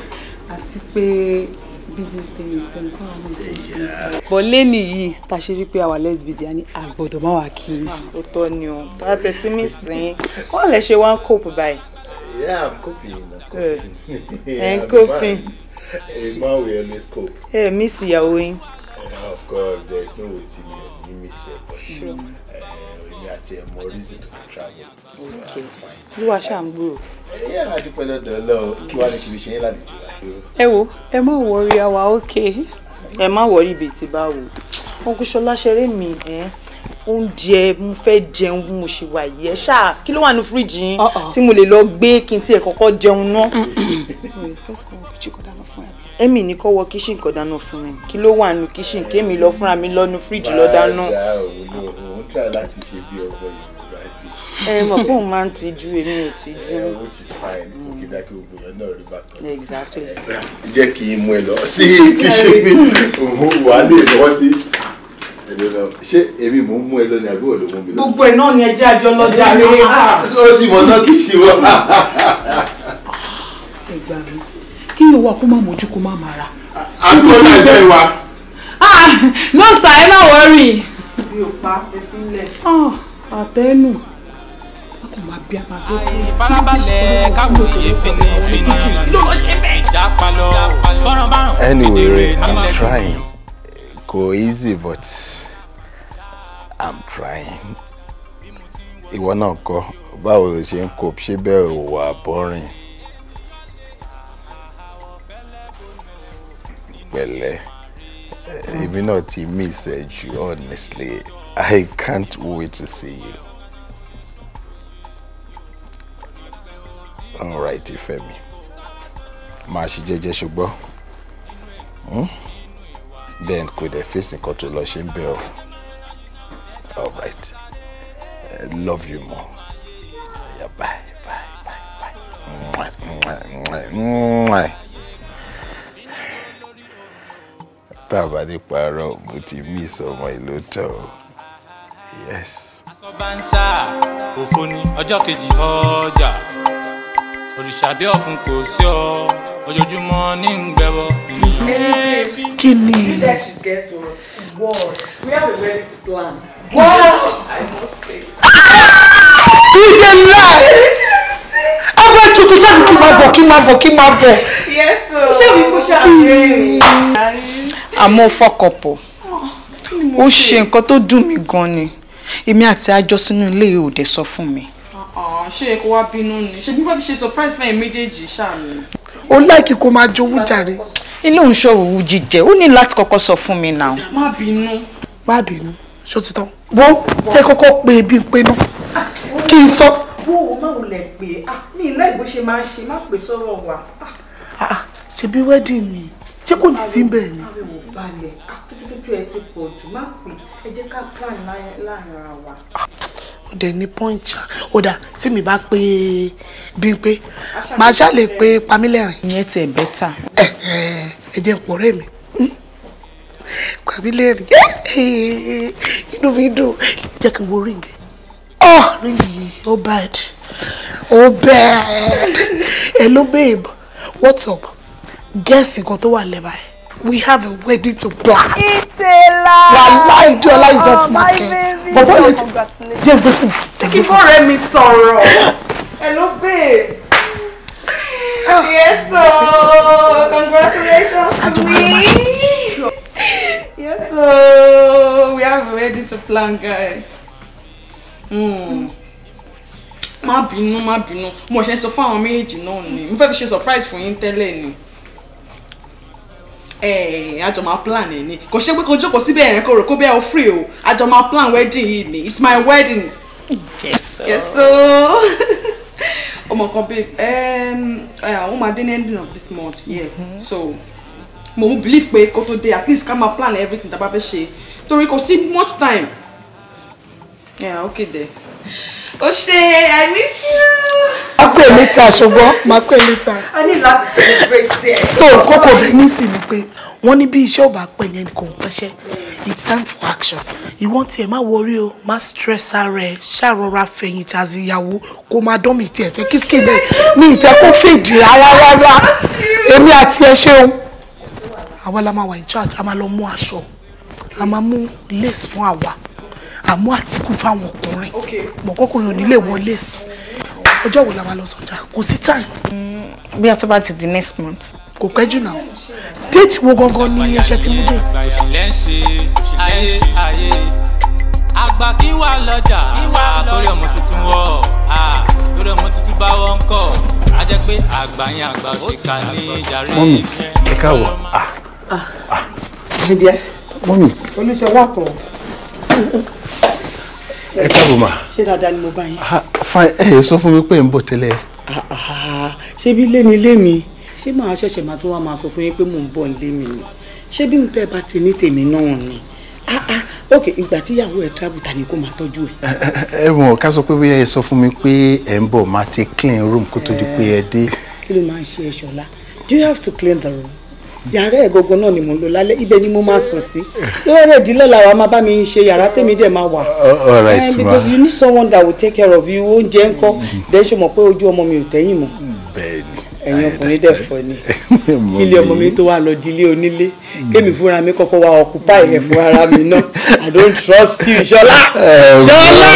Speaker 4: àti pé busy things dem fún àwọn ìfẹsẹ̀. bọ̀ lẹ́nu yìí ta ṣe rí pé àwa less busy a ní àgbọ̀dọ̀ máa wà kí. Ah, òótọ́ ni o láti ẹtí mi sìn kọ́ lẹ ṣe wá cope báyìí.
Speaker 3: Yeah, I'm coping. I'm eh, coping. Good. yeah, and eh, coping. A eh, man will always cope.
Speaker 4: Hey, miss ìyàwó yín.
Speaker 3: Uh, of course, there is no waiting here. You miss it, but sure. Hmm. uh, àti more reason to travel. So okay. I'm
Speaker 4: fine. You are ṣáà ń gbúrò. Ẹyẹ àdúpẹ́ lọ́dọ̀ Ọlọ́run kí wàá lè ṣe ṣe yín lálejò àdúró. Ẹ wo ẹ má wọrí àwa ókè ẹ má wọrí ibi tí bá wò. Ọkùnṣọlá ṣeré Eh? oúnjẹ mo fẹ́ jẹun mo ṣe wà yìí ẹ ṣáà kí ló wà ní fíríjì yín uh-uh. tí mo lè lọ gbé kí n tiẹ̀ kọ́kọ́ jẹun náà. èmi ní kó wọ kíṣìn kan dáná fún mi kí ló wà ní kíṣìn kémi lọ fúnra mi lọ ní fíríjì lọ dáná. ẹ mọ̀ pé òun máa ń tijú
Speaker 3: èmi ò tijú. jẹ́ kí n mú ẹ lọ sí kíṣìn mi òun wà á lè lọ sí ṣé èmi mò ń mú ẹ lọ ní àbí wọ́n ló mú mi lọ.
Speaker 4: gbogbo ẹ̀ náà ni ẹjẹ́ àjọ lọ́jà rẹ̀. Ah, ó ah, ah, ti mọ̀ náà kì í ṣe wọ́n. ẹ gbà kí ìwà kó má mójú kó má mara. àtúntò ẹgbẹ́ ìwà. náà sàyẹ́ náà wọ́rì. mi ò pa ẹfínlẹ̀. àtẹnu a kò máa bí a máa
Speaker 1: tó. àìfarabalẹ̀ káwọ iye finifini ìjà palọ̀
Speaker 2: bọ́rọ̀ bárùn-ún. anyway
Speaker 3: I'm trying kò easy but i'm trying ìwọ náà kọ́ báwo ló ṣe ń cope ṣé bẹ́ẹ̀ ò wà boring pẹ̀lẹ́ èmi náà ti miss ẹ jù honestly i can't wait to see you. all right Ifẹ́mi máa ṣe jẹ́jẹ́ ṣùgbọ́n. Hmm? then kò dẹ̀ fèsì nǹkan tó lọ ṣe ń bẹ̀ ọ́ all right I love you more yeah, bye bye bye bye. Mwah, mwah, mwah, mwah. tá a bá ní parọ́ mo ti mí ìsọmọ ìlú tọ̀ ọ́
Speaker 1: yes. asọ́bánsá òfo ni ọjọ́ kejì ọjà òrìṣàdé ọ̀fun kò sí ọ ojoojúmọ́ ní ń gbẹ́bọ.
Speaker 4: Skinny. We kí ni. Iye lie! Abẹ́ tuntun ṣáà kí máa bọ̀ kí máa bọ̀ oh, kí máa bẹ̀. Àmọ́ fọkọ̀pọ̀, ó ṣe nǹkan tó dùn mí gan ni. Èmi àti Ajọ́ sínú ilé yìí ò dé sọ fún mi. Ah, ah, ṣé kò wá bínú ni? Ṣé bí wọ́n fi ṣe surprise fún ẹ̀ méjèèjì ṣáà ni? ó láìkí kó máa jowú jàre. ilé òun ṣòro owó jíjẹ ó ní láti kọ́kọ́ sọ fún mi náà. má bínú. má bínú ṣó ti tán. wo kẹ́ kọ́kọ́ pe pé náà kí n sọ. wo wo má wulẹ̀ pé ah, mi ìlà ìbò ṣe máa ń ṣe má pè sọ̀rọ̀ wa. Ah. Ah, ṣebí wedding mi ṣé kò ní sí bẹ́ẹ̀ ni. àwọn ò balẹ̀ tójútójú ẹ ti pọ̀ jù má pè ẹ jẹ́ ká plan láàárín ara wa ó dẹ̀ ní pọ́ńchà ó dà tí mi bá pé Bímpé màá ṣá lè pé Pamílẹ́rìn. ìyẹn tiẹ̀ bẹ́tà. ẹ ẹ jẹ́ n pọ̀rẹ́ mi hm? Pamílẹ́rìn inú mi dùn jẹ́ kí n wo ríǹgì ọ́ ríǹgì ó bad ó bad hello babe what's up guess nǹkan tó wà lẹ́bàá ẹ̀. We have a wedding to plan. Itela. Wallahi Diola is off oh, market. But what is it? Just go fún. Thank you for Remi sọ̀rọ̀. Hello babe. Ah. Yes, so congratulations to me. Yes, so we have a wedding to plan, guys. Mm. Ma binu, ma binu. Mo ṣe so fún àwọn méjì náà ni. Mo fe fi surprise for yín tẹ́lẹ̀ ni àjọ eh, máa plan ẹ̀ ni kò ṣe pé kò jókòó síbẹ̀ ẹ̀ kò rò kó bẹ́ẹ̀ o free o àjọ máa plan wedding yìí ni it's my wedding. yes yes o ọmọ kan babe wọ́n eh, máa dé ní ending of this month yeah mm -hmm. so mo mo believe pé kó tó dé at least ká máa plan everything tá a bá fẹ́ ṣe torí kò sí much time yeah okay there. o ṣe i miss you a pè létà ṣùgbọ́n máa pè létà. a ní láti celebrate ẹ. so kókó bí ní sì ni pé wọ́n ní bí iṣẹ́ ò bá pè ní ẹnì kò ń pẹ́ṣẹ́ hmm. it's time for action ìwọ́n tiẹ̀ má worry o má stress ara ẹ̀ ṣàrọ̀ra fẹ̀yìntì àti ìyàwó kó má dán mi tiẹ̀ fẹ́ kí skin ẹ̀ mi ìfẹ́ kó fèjì rárá rárá èmi àti ẹ ṣeun àwa la máa wà in charge a máa lọ mú aṣọ a máa mú lace fún àwa àmú àtìkù fáwọn ọkùnrin mọ̀kọ́kùnrin ò ní lè wọ lace ọjọ́ wo la máa lọ sọ́jà kò sí time. bí a tó bá ti di next month. kò pẹ́ jù náà déètì wo gangan ni ẹṣẹ ti mú déètì.
Speaker 1: àgbà kí wàá lọ́jà àkórí ọmọ tuntun wọ̀ lórí ọmọ tuntun bá wọ́n ń kọ́ jẹ́ pé àgbà yẹn àgbà ṣe ní ìjàre. mọ́mì ẹ káàwọ̀ ah
Speaker 4: ah. ẹ díẹ̀ mọ́mì. olùṣèwà kan ẹ káàbọ̀ mà. ṣé dáadáa ni mo bá yín.
Speaker 3: fa ẹ ẹ sọ fún mi pé ń bọ̀ tẹ́lẹ̀.
Speaker 4: Ah, ah, ah. ṣé bí lé mi lé mi ṣé màá ṣẹ̀ṣẹ̀ máa tún wá máa sọ fún yín pé mò ń bọ̀ ń lé mi ni ṣé bí n tẹ́ bá ti ní tèmi náà ni ok ìgbà tíyàwó ẹ travel ta ni kó máa tọ́jú ẹ.
Speaker 3: ẹ wọn ká sọ pé bóyá ẹ sọ fún mi pé ẹ ń bọ̀ máa ti clean room kó tó di pé ẹ dé. Eh,
Speaker 4: kí ló máa ń ṣe ẹ ṣọlá do you have to clean the room yàrá ẹ̀ gangan náà ni mò lò lálẹ́ ibẹ̀ ni mo máa sùn sí lórí èdè lọ́la máa bá mi ṣe yàrá tèmi dẹ̀ máa wà. all right eh, because you need someone that will take care of you oúnjẹ ńkọ́ dẹ́sọ̀ mm. mọ̀ pé ojú ọmọ mi ò tẹ́yìn mọ́. Mm, bẹ́ẹ̀ni ẹ̀yin ọkùnrin dẹ̀ fọ ni ilé ọmọ mi tó wà lọ di ilé onílé hmm. kémi fúnra mi kọ́kọ́ wá occupy hmm. ẹ̀ fún ara mi náà i don't trust you ṣọlá ṣọlá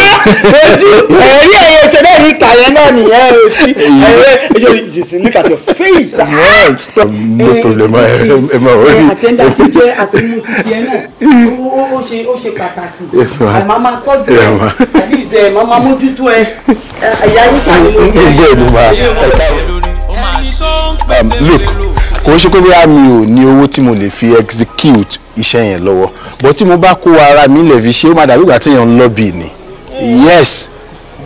Speaker 2: ojú ẹ̀rí ẹ̀yẹ ìṣẹ̀lẹ̀ rí ìkà
Speaker 4: náà nìyẹn o sí ẹ̀rẹ́ ẹ̀ṣọ́ ìṣẹ̀sìn look at your face. Ah, no eh, problem ẹ máa wọlé. àtẹ̀ndà ti jẹ́ àtẹ̀mú ti jẹ́ náà ó ṣe pàtàkì àmọ́ máa tọ́jú ẹ̀ àdìsẹ́ eh, máa máa mójútó ẹ̀ ẹ̀yà yín ṣàlùyọ̀
Speaker 2: jẹ́ ẹ̀yà yín ṣàlùyọ̀ jẹ́ Um, look
Speaker 3: kò ṣe pé bóyá mi ò ní owó tí mo lè fi execute iṣẹ́ yẹn lọ́wọ́ but tí mo bá kó ara mi lè fi ṣe ó máa dàbí ìgbà tí èèyàn ń lọ́bì ni yes.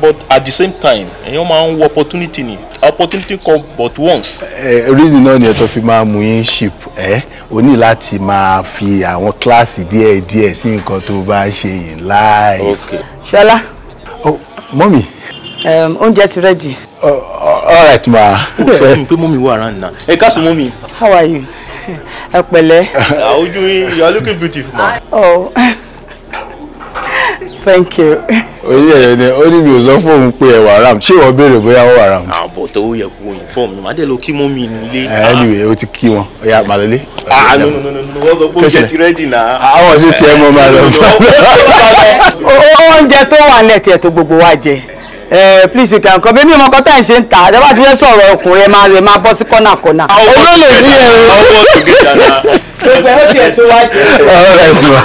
Speaker 3: but at the same time èèyàn máa ń wo opportunity ni opportunity come but once. ẹ reason náà ni ẹ tó fi máa mú yín ship ẹ o ní láti máa fi àwọn kíláàsì díẹ̀ díẹ̀ sí nǹkan tó bá ṣe yín láàyè. ṣọlá. Oh, mọ́mì. Um, oúnjẹ ti oh, oh all ma. o sọ you how
Speaker 4: are you? Ah, you are looking beautiful ma. oh
Speaker 3: thank you. oyin ẹ̀yẹ ni ó ní mi ò sọ fóun pé ẹ wà round ṣé ìwọ béèrè bóyá ó wà round. Ah, eh, anyway o ti kí wọn ọ̀yà màlẹ́lẹ́. ah no no no
Speaker 2: no wọ́n sọ pé oúnjẹ ti
Speaker 3: rẹ́dì náà. Ah,
Speaker 4: gbogbo wa Eh, please you can come èmi ò mọ kọ́ tá ẹ̀ ṣe ń tà ẹ bá ti fẹ́ sọ̀rọ̀ ọkùnrin ẹ máa rẹ̀ máa bọ́ sí kọ́nà kọ́nà. owó lè ní ẹ o. owó tó
Speaker 2: gé jàdá. gbogbo
Speaker 1: owó tiẹ̀ tó wá jẹ́.
Speaker 2: ọ̀rẹ́ mi wá.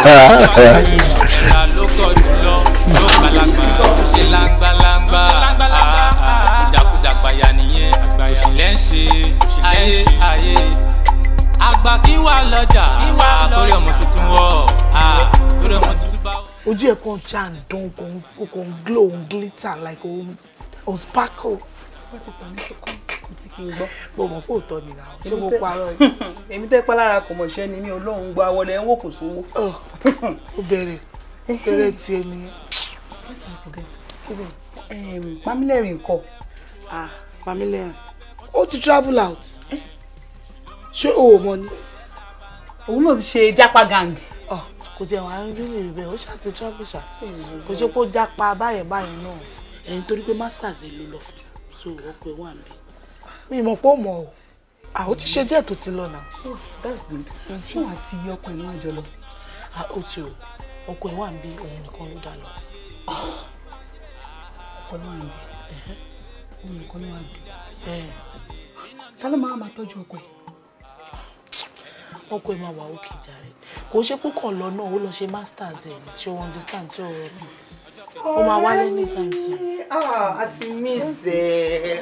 Speaker 1: ayé ayé àgbà kí wà lọ́jà àkórí ọmọ tuntun wọ̀ àkórí ọmọ tuntun
Speaker 4: ojú ẹ̀ kàn já ń dán o kàn ń glow ń glitter like o o sparkle. wọ́n
Speaker 2: ti tàn mí tó kàn kò
Speaker 4: jẹ́ kí n gbọ́. mo mọ̀ kó tọ́ nira o ṣé mo parọ́ yìí. èmi tẹ́ pálára kò mọ̀ ṣẹ́ni mi ọlọ́run gba wọlé ń wò kò sówó. ó bẹ̀rẹ̀ bẹ̀rẹ̀ tiẹ̀ nìyẹn. pamílẹ̀rìn kọ. ah pamílẹ̀rìn ó ti travel out ṣé o ò mọ̀ ni. òun náà ti ṣe japa gang kò tiẹ̀ wá rí rí bẹ́ẹ̀ ó ṣáà ti travel ṣá mm-hmm. kò ṣe kó jápa báyẹn báyẹn náà ẹ̀yin torí pé masters ẹ̀ ló lọ fún so ọkọ̀ ẹ̀ wà ń bẹ̀. mi mọ̀ pé ó mọ̀ ọ́ àwọn ti ṣe díẹ̀ tó ti lọ náà. Oh, that's good ṣé wàá ti yí ọkọ̀ ẹ̀ náà lọ. ó ti o ọkọ̀ ẹ̀ wà ń bí òun nìkan ló dá lọ. ọkọ̀ ló wà ń bí òun nìkan ló wà ń bí. ta ló máa máa tọ́jú ọkọ̀ ẹ̀ ọkọ ẹ máa wà òkè jàre kò ṣe púpọ̀ lọ náà ó lọ ṣe masters ẹ̀ ní ṣé o understand tí ọ̀rọ̀ mi ó máa wálé anytime soon. Ah, a ti miss ẹ.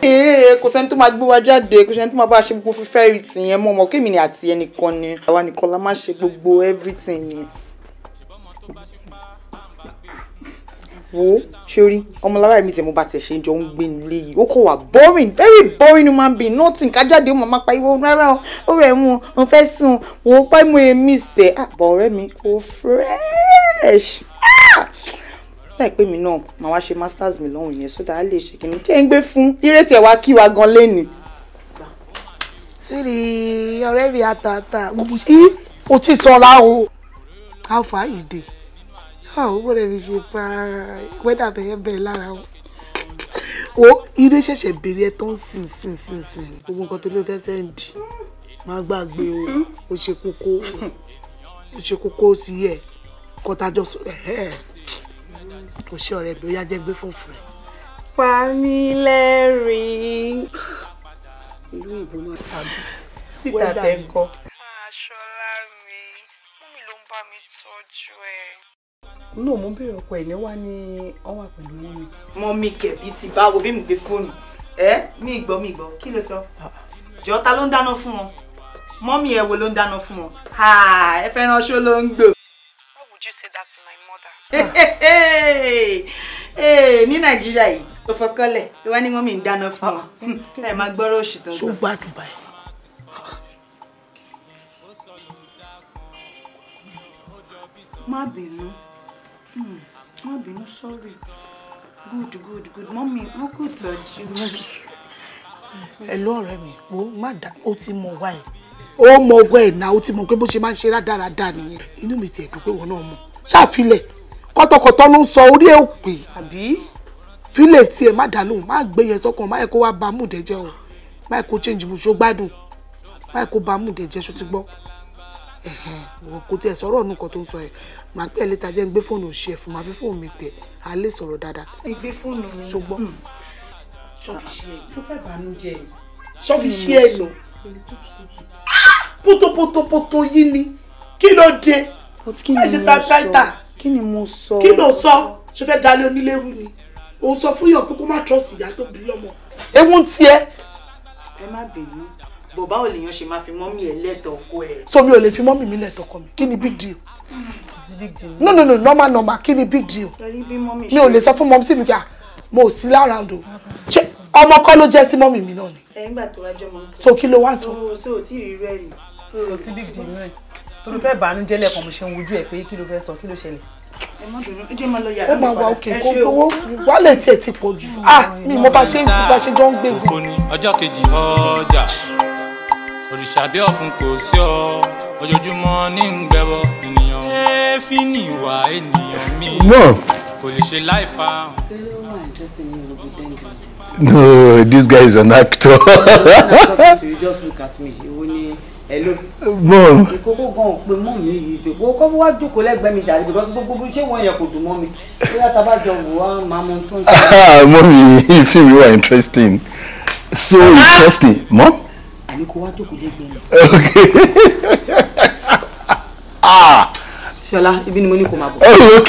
Speaker 4: kò sẹ́ni tó máa gbé wa jáde kò sẹ́ni tó máa bá a ṣe gbogbo fífẹ́ rìtì mọ́ ọmọ kémi ni àti ẹnìkan ni àwa nìkan la máa ṣe gbogbo everything yẹn. wo sori ọmọlára mi tẹ mo bá tẹ ṣe jọ ń gbé nílé yìí ó kò wà boring very boring human being nothing kájáde ó mọ̀ máa pariwo rárá o ó rẹ̀ mu mo fẹ́ sùn wò ó pẹ́ mo yẹ mí sẹ́ àbọ̀ ah, ọ̀rẹ́ mi kò fresh ah! láì pé mi náà màá wá ṣe masters mi lọ́hùn yẹn sódà á lè ṣe kí ni jẹ́ ń gbé fún ìrètí ẹ̀ wá kí wa gan lẹ́nu. sírí ọ̀rẹ́ mi àtàtà gbogbo ṣí o ti sọra o how far you dey àwọn bọ̀dẹ̀ mi ṣe fa wẹ́dà bẹ̀yẹ bẹ̀rẹ̀ lára wọn o ilé ṣẹ̀ṣẹ̀ bèrè ẹ̀ tó ń sìn sìn sìn sìn gbogbo nǹkan tó ló fẹ́ sẹ́ǹdì má gbàgbé o ó ṣe kókó ó ṣe kókó ó sì yẹ kọ́tájọ́ kò ṣe ọ̀rẹ́ bí ó yá jẹ́ gbé fòfò rẹ̀. Familẹ́rìn. Ìlú ìbò máa tàbí. Síta tẹ̀ ń kọ́. Máa ṣọ́lá mi, mú mi ló ń bá mi tọ́jú ẹ̀ náà mo bèrè ọkọ ẹ̀ lẹ́wà ní ọwà pẹ̀lú mọ́mí. mọ́mí kẹ̀bí ti báwo bí mi gbé fóònù ẹ mi gbọ́ mi gbọ́ kí ló sọ jọ ta ló ń dáná fún wọn mọ́mí ẹ wo ló ń dáná fún wọn ẹ fẹ́ràn ṣó ló ń gbò. Why would you say that to my mother? Eh, ní nàìjíríà yìí tó fọkànlẹ̀ tó wá ní mọ́mí ń dáná fún wọn ẹ máa gbọ́rọ̀ òṣì tó ń sọ. ṣó gbàdúrà má
Speaker 2: bínú. Hmm.
Speaker 4: má bínú sorry. good good good Mommy, wọ́n kò tọ́jú you? Hello, Remy. Oh, mi wo má dá ó ti mọ wá ẹ̀ ó mọ ọgbọ́n ẹ̀ náà ó ti mọ pé bó ṣe máa ń ṣe rádaràda nìyẹn inú mi ti ẹ̀dùn pé wọn náà mọ̀ ṣáàfilẹ̀ kọ́tọ̀kọ́tọ̀ ló ń sọ orí ko òpè filẹ̀ tiẹ̀ má dá o má yẹ change mu ṣó gbádùn má bamu kó bá mú dẹ́jẹ́ kò tiẹ̀ sọ̀rọ̀ ọ̀nù kan tó ń sọ ẹ̀ màá pẹ́ létà jẹ́ ń gbé fóònù òṣì ẹ̀ fún màá fi fóònù mi pẹ́ à lè sọ̀rọ̀ dáadáa. ìgbé fóònù mi ṣùgbọ́n ṣọ́fẹ́ bànújẹ́ ẹ̀
Speaker 2: ṣọ́fi ṣí ẹ̀ lọ
Speaker 4: pótópótópótó yìí ni kí ló dé ẹ̀ ṣe ta bẹ́tà kí ni mo sọ kí ló sọ ṣọ́fẹ́ dalẹ̀ onílérú ni òun sọ fún yàn pé kó má trọ́ọ̀sì ìyá tó bí lọ́mọ ewu ń tiẹ̀. ẹ má bèèrè bọ̀ báwo lèèyàn ṣe máa fi mọ́mì ẹ̀ lẹ́tọ̀ ọkọ ẹ̀. so mi ò lè fi mọ́mì mi lẹ́tọ̀ ọkọ mi kí ni big deal. no no no normal normal kí ni big deal. mi ò lè sọ fún mọ́mí sí mi pé ah, mo ò sí lára o ṣé ọmọ kọ́ ló jẹ́ sí mọ́mì mi náà ni. ẹ̀yin gbà tó wájọ́ mọ́. so kí ló wá sọ. o ṣe ò tí rí rẹ́ rí. kò sí big deal rẹ̀ torí fẹ́ bàánújẹ́ lẹ́kàn mo ṣe ń wojú ẹ̀ pé kí ló fẹ́ sọ kí ló ṣẹlẹ̀ ó máa wà òkè kó gbowó wálé tiẹ̀ ti pọ̀ jù ah mi mo bá ṣe jọ ń gbé.
Speaker 1: ọjọ́ kejì ọjà òrìṣàdé ọ̀fun kò sí ọ ojoojúmọ́ ní ń gbẹ́bọ ènìyàn èéfì ní ìwà ènìyàn mi kò lè ṣe láì fa.
Speaker 2: No,
Speaker 3: this guy is an actor.
Speaker 4: you Ìkókó gan pé mọ́ mi yìí tó kó kọ́ wá jókòó lẹ́gbẹ̀ẹ́ mi dàrí because gbogbo bó ṣé wọ́n yẹ kò dùn mọ́ mi. Bóyá tá jọ wò wá máa mọ tó ń ṣe.
Speaker 3: Mọ́mí, fíìmù wà interesting. So ah! interesting. Mom
Speaker 4: tàbí kó wá jókòó lẹ́gbẹ̀ẹ́ mi. Ṣọlá ibi ni mo ní kó máa bọ̀. ó yóò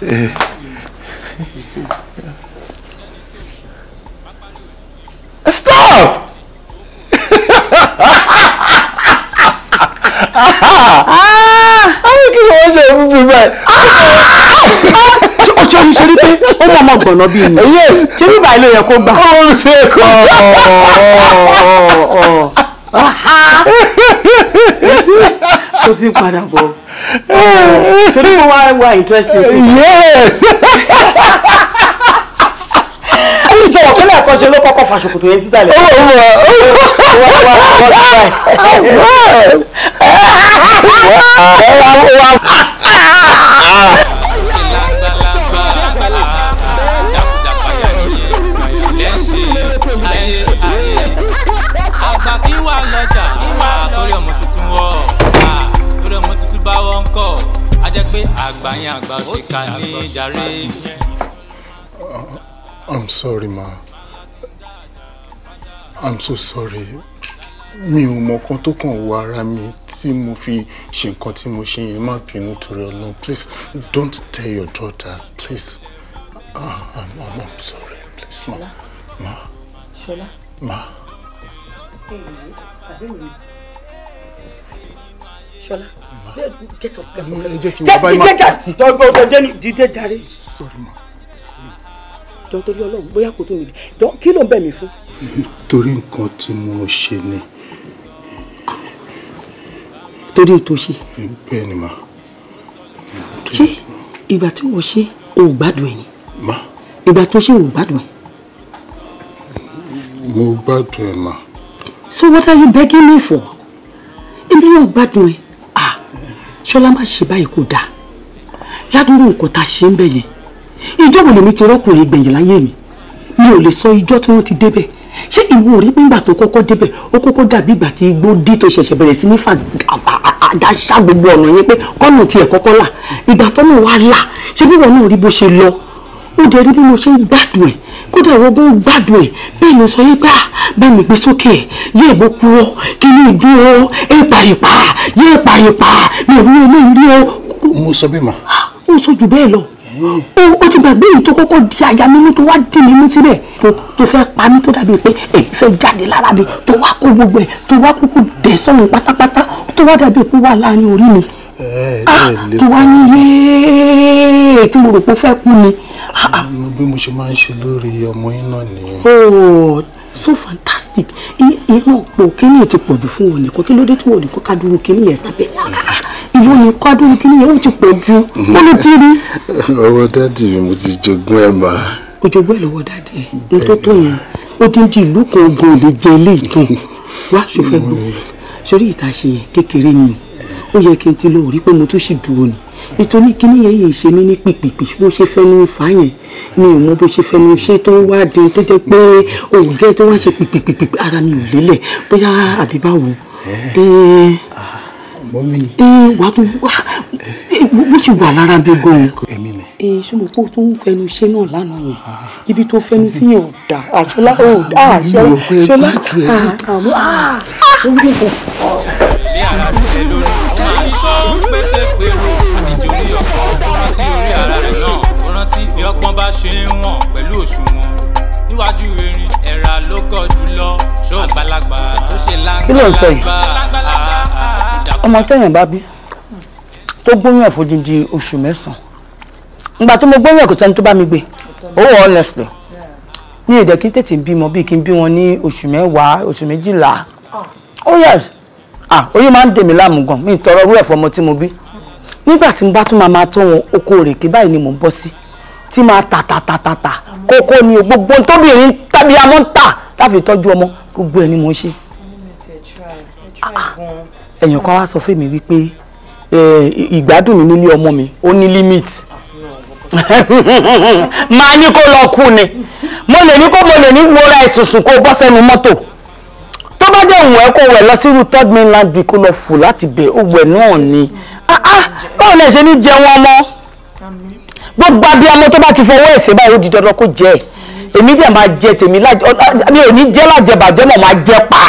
Speaker 4: kí mọ̀ gbọ̀nà bíi ni ṣé bíbá ilé yẹ kó gbà. ó ń ṣe kó. tó ti padà bọ̀ torí mo wá wá interesting sí i. ìjọba pínlẹ̀ kan ṣe ló kọ́kọ́ fa
Speaker 2: yẹn sísàlẹ̀. ó wọ wá wá wá wá wá.
Speaker 1: àgbà yẹn àgbà òṣìkà ní ìjàre.
Speaker 3: Uh, I'm sorry ma I'm so sorry mi ò mọ kan tó kàn wọ ara mi tí mo fi ṣe nǹkan tí mo ṣe yẹn má bínú torí Ọlọ́run please don't tell your daughter please ah I'm, I'm, I'm sorry please ma ma
Speaker 4: ma. Ṣọlá get up get up. jẹ́ kí n bá yín má. dọ́gbọ́n dọ́jẹ́ dídé jàre. sorry ma. jọ torí ọlọ́run bóyá kò tún mi dé jọ kí ló ń bẹ̀ mí fún.
Speaker 3: torí nǹkan tí mo ṣe ni.
Speaker 4: torí ètò ṣe. bẹ́ẹ̀ ni ma. ṣé ìgbà tí wọ́n ṣe o gbádùn ẹ̀ ni. ma. ìgbà tó ṣe o gbádùn mo gbádùn ẹ̀ ma. so what are you begging me for? èmi náà gbádùn ẹ̀ ṣọlá má ṣe báyìí kò dáa ládùúgbò nǹkan tá a ṣe ń bẹ̀ yẹn ìjọ wo lèmi ti rọ́kùnrin gbẹ̀yìn láyé mi mi ò lè sọ ìjọ tí wọ́n ti débẹ̀ ṣé ìwọ rí nígbà tó kọ́kọ́ débẹ̀ ó kọ́kọ́ dàbí ìgbà tí igbó dí tó ṣẹ̀ṣẹ̀ bẹ̀rẹ̀ sí ní fà àdáṣá gbogbo ọ̀nà yẹn pé kọ́nà tiẹ̀ kọ́kọ́ là ìgbà tọ́nà wa là ṣé bí wọn náà rí bó ṣe lọ ó dẹ̀ rí bí mo ṣe ń gbádùn ẹ̀ kódà wọ́n bó ń gbádùn ẹ̀ bẹ́ẹ̀ ló sọ yé pé bá mi gbé sókè yé èbó kú ọ kí ni ìdúró ẹ pàrìpà yé pàrìpà mi ò rí eléyìí o. mo sọ bí mà. ó ah, sọ jù bẹ́ẹ̀ lọ hmm. o ti gbàgbé èyí tó kọ́kọ́ di àyà mímú tó wá dì mímú síbẹ̀ tó fẹ́ pa mí tó dàbí pé èyí fẹ́ jáde lára mi tó wá kó gbogbo ẹ̀ tó wá kúkú dẹ̀ sọ́run pátápátá tó wá dàbí pé wà láàrin orí mi tó ah, wá nílé tí mo rò pé ó fẹ́ kú ni.
Speaker 3: Ah, ah. bí mo ṣe máa ń ṣe lórí ọmọ yín náà nìyẹn.
Speaker 4: oh so fantastic ìyẹn pò kíní ètò pọ̀jù fún wọn nìkan kí ló dé tí wọn ò ní kó kádúró kíní yẹn sábẹ́ ìwọ ni kádúró kíní yẹn ó ti pọ̀ ju ó ló ti rí.
Speaker 3: ọwọ́ dáàdì mi mo ti jogún ẹ̀ máa.
Speaker 4: òjògbọ́n ẹ̀ lọ́wọ́ dáàdì ẹ̀ ntótó yẹn ó dín dín ìlú kan ogun ò lè jẹ ilé ìtàn wá ṣòfẹ́ gbọ́ sórí ìta ṣe yẹn kékeré ni o ó yẹ kí n ti lọ rí pé mo tún sì dúró ni ètò ní kíní yẹn yìí ṣe mí ní pìpìpì bó ṣe fẹnu fà yẹn mi ò mọ bó ṣe fẹnu ṣe tó ń wá dín tó jẹ pé òǹgẹ tó wá ṣe pìpìpì ara mi ò lélẹ̀ bóyá àbí báwo. wà á tún bó ṣe wà lára bí gan. ṣé mo kó tó ń fẹnu ṣe náà lánàá yẹn ibi tó fẹnu sí yẹn ò dà àṣọlá ò dà àṣọlá
Speaker 2: àmọ́ àmọ́.
Speaker 1: wọ́n bá ṣe ń wọ̀n pẹ̀lú òṣùwọ̀n níwájú erin ẹ̀rà ló gọ̀ jùlọ ṣó àgbàlagbà tó ṣe lágbàlagbà
Speaker 4: ọmọ tẹ̀yìn bá bí tó gbóyún ẹ̀fọ́ dídí oṣù mẹ́sàn-án ìgbà tí mo gbóyún ẹ̀kọ́ sẹ́ni tó bá mi gbé owó oh, honestly ní èdè kí n tètè bímọ bíi kí n bí wọn ní oṣù mẹ́wàá oṣù méjìlá ah. oh yes ah oyún máa ń dè mí láàmú gan mi tọrọ owó ẹ̀fọ́ ọmọ tí mo bí nígbà tí mo bá tún máa máa tó wọn okòó rèké báyìí ni mò ń bọ́ sí. Si tí máa tà tà tà tà tà kókó ni gbogbo tóbìnrin tàbí amọ́ ń tà láfi tọ́jú ọmọ gbogbo ẹ̀ ni mò ń ṣe. Ah, ẹ̀yàn kan wá sọ fún mi wípé ìgbádùn mi nílé ọmọ mi ó ní limit máa ní kó lọ kú ni mo lè ní kó mo lè ní wọra ìsùnsùn kó bọ́ sẹ́nu mọ́tò tó bá dẹ̀ wọ̀ ẹ́ kó wẹ̀ lọ sírú third mainland kó lọ fò láti bẹ̀ ó wẹ̀ náà ni ah, ah, báwo lẹ ṣe ní jẹun ọmọ gbogbo abiyamọ tó bá ti fọwọ́ ẹ̀sẹ̀ báyìí ó di dandan kó jẹ́ èmi dẹ̀ máa jẹ tèmi mi ò ní jẹ́ lájẹbàjẹ́ mọ̀ máa jẹ pa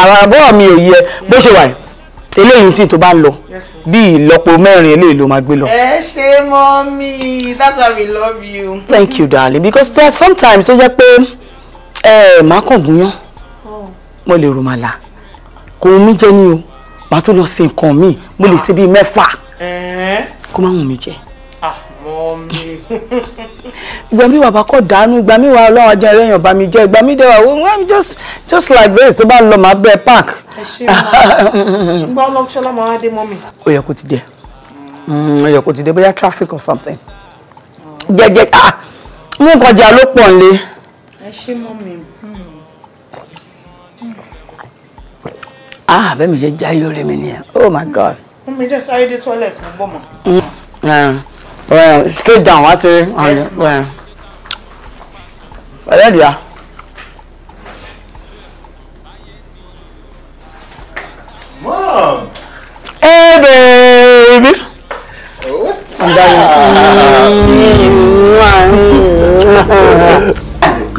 Speaker 4: àràbọ̀ mi ò yẹ bó ṣe wà eléyìí sì tó bá ń lọ bí ìlọ́po mẹ́rin eléyìí ló máa gbé lọ. ẹ ṣe mommy that's why we love you. thank you darling because there are sometimes ó jẹ́ pé ẹ máa kàn gúnyán mo lè rò màlà kò mí jẹ ní o màá tún lọ sí nǹkan míì mo lè ṣe bíi mẹ́fà kó má wù mí jẹ ìgbà mi bàbá kò dànù ìgbà mi wà ọlọ́run ajá ẹ̀rẹ́ èèyàn bá mi jẹ́ ìgbà mi dẹ̀ wà wọ́n just just like this tó bá lọ màá bẹ park. ẹ ṣe wọn gbọ́ ọlọ́ṣọ́lá máa dé mọ́ mi. ó yẹ kó ti dé mm, ó yẹ kó ti dé bóyá traffic or something. jẹjẹ ah mú kọjá ló pọ̀ nílé. ẹ ṣe mọ́ mi. ah bẹ́ẹ̀ mi ṣe jáyọ̀ rẹ̀ mi nìyẹn oh my god. mo mi jẹ́ sáré dé toilet mo gbọ́ mọ́. Mm, ah. Ouais, ce que down, hein, Ouais.
Speaker 3: Mom!
Speaker 2: Hey, eh, baby! What's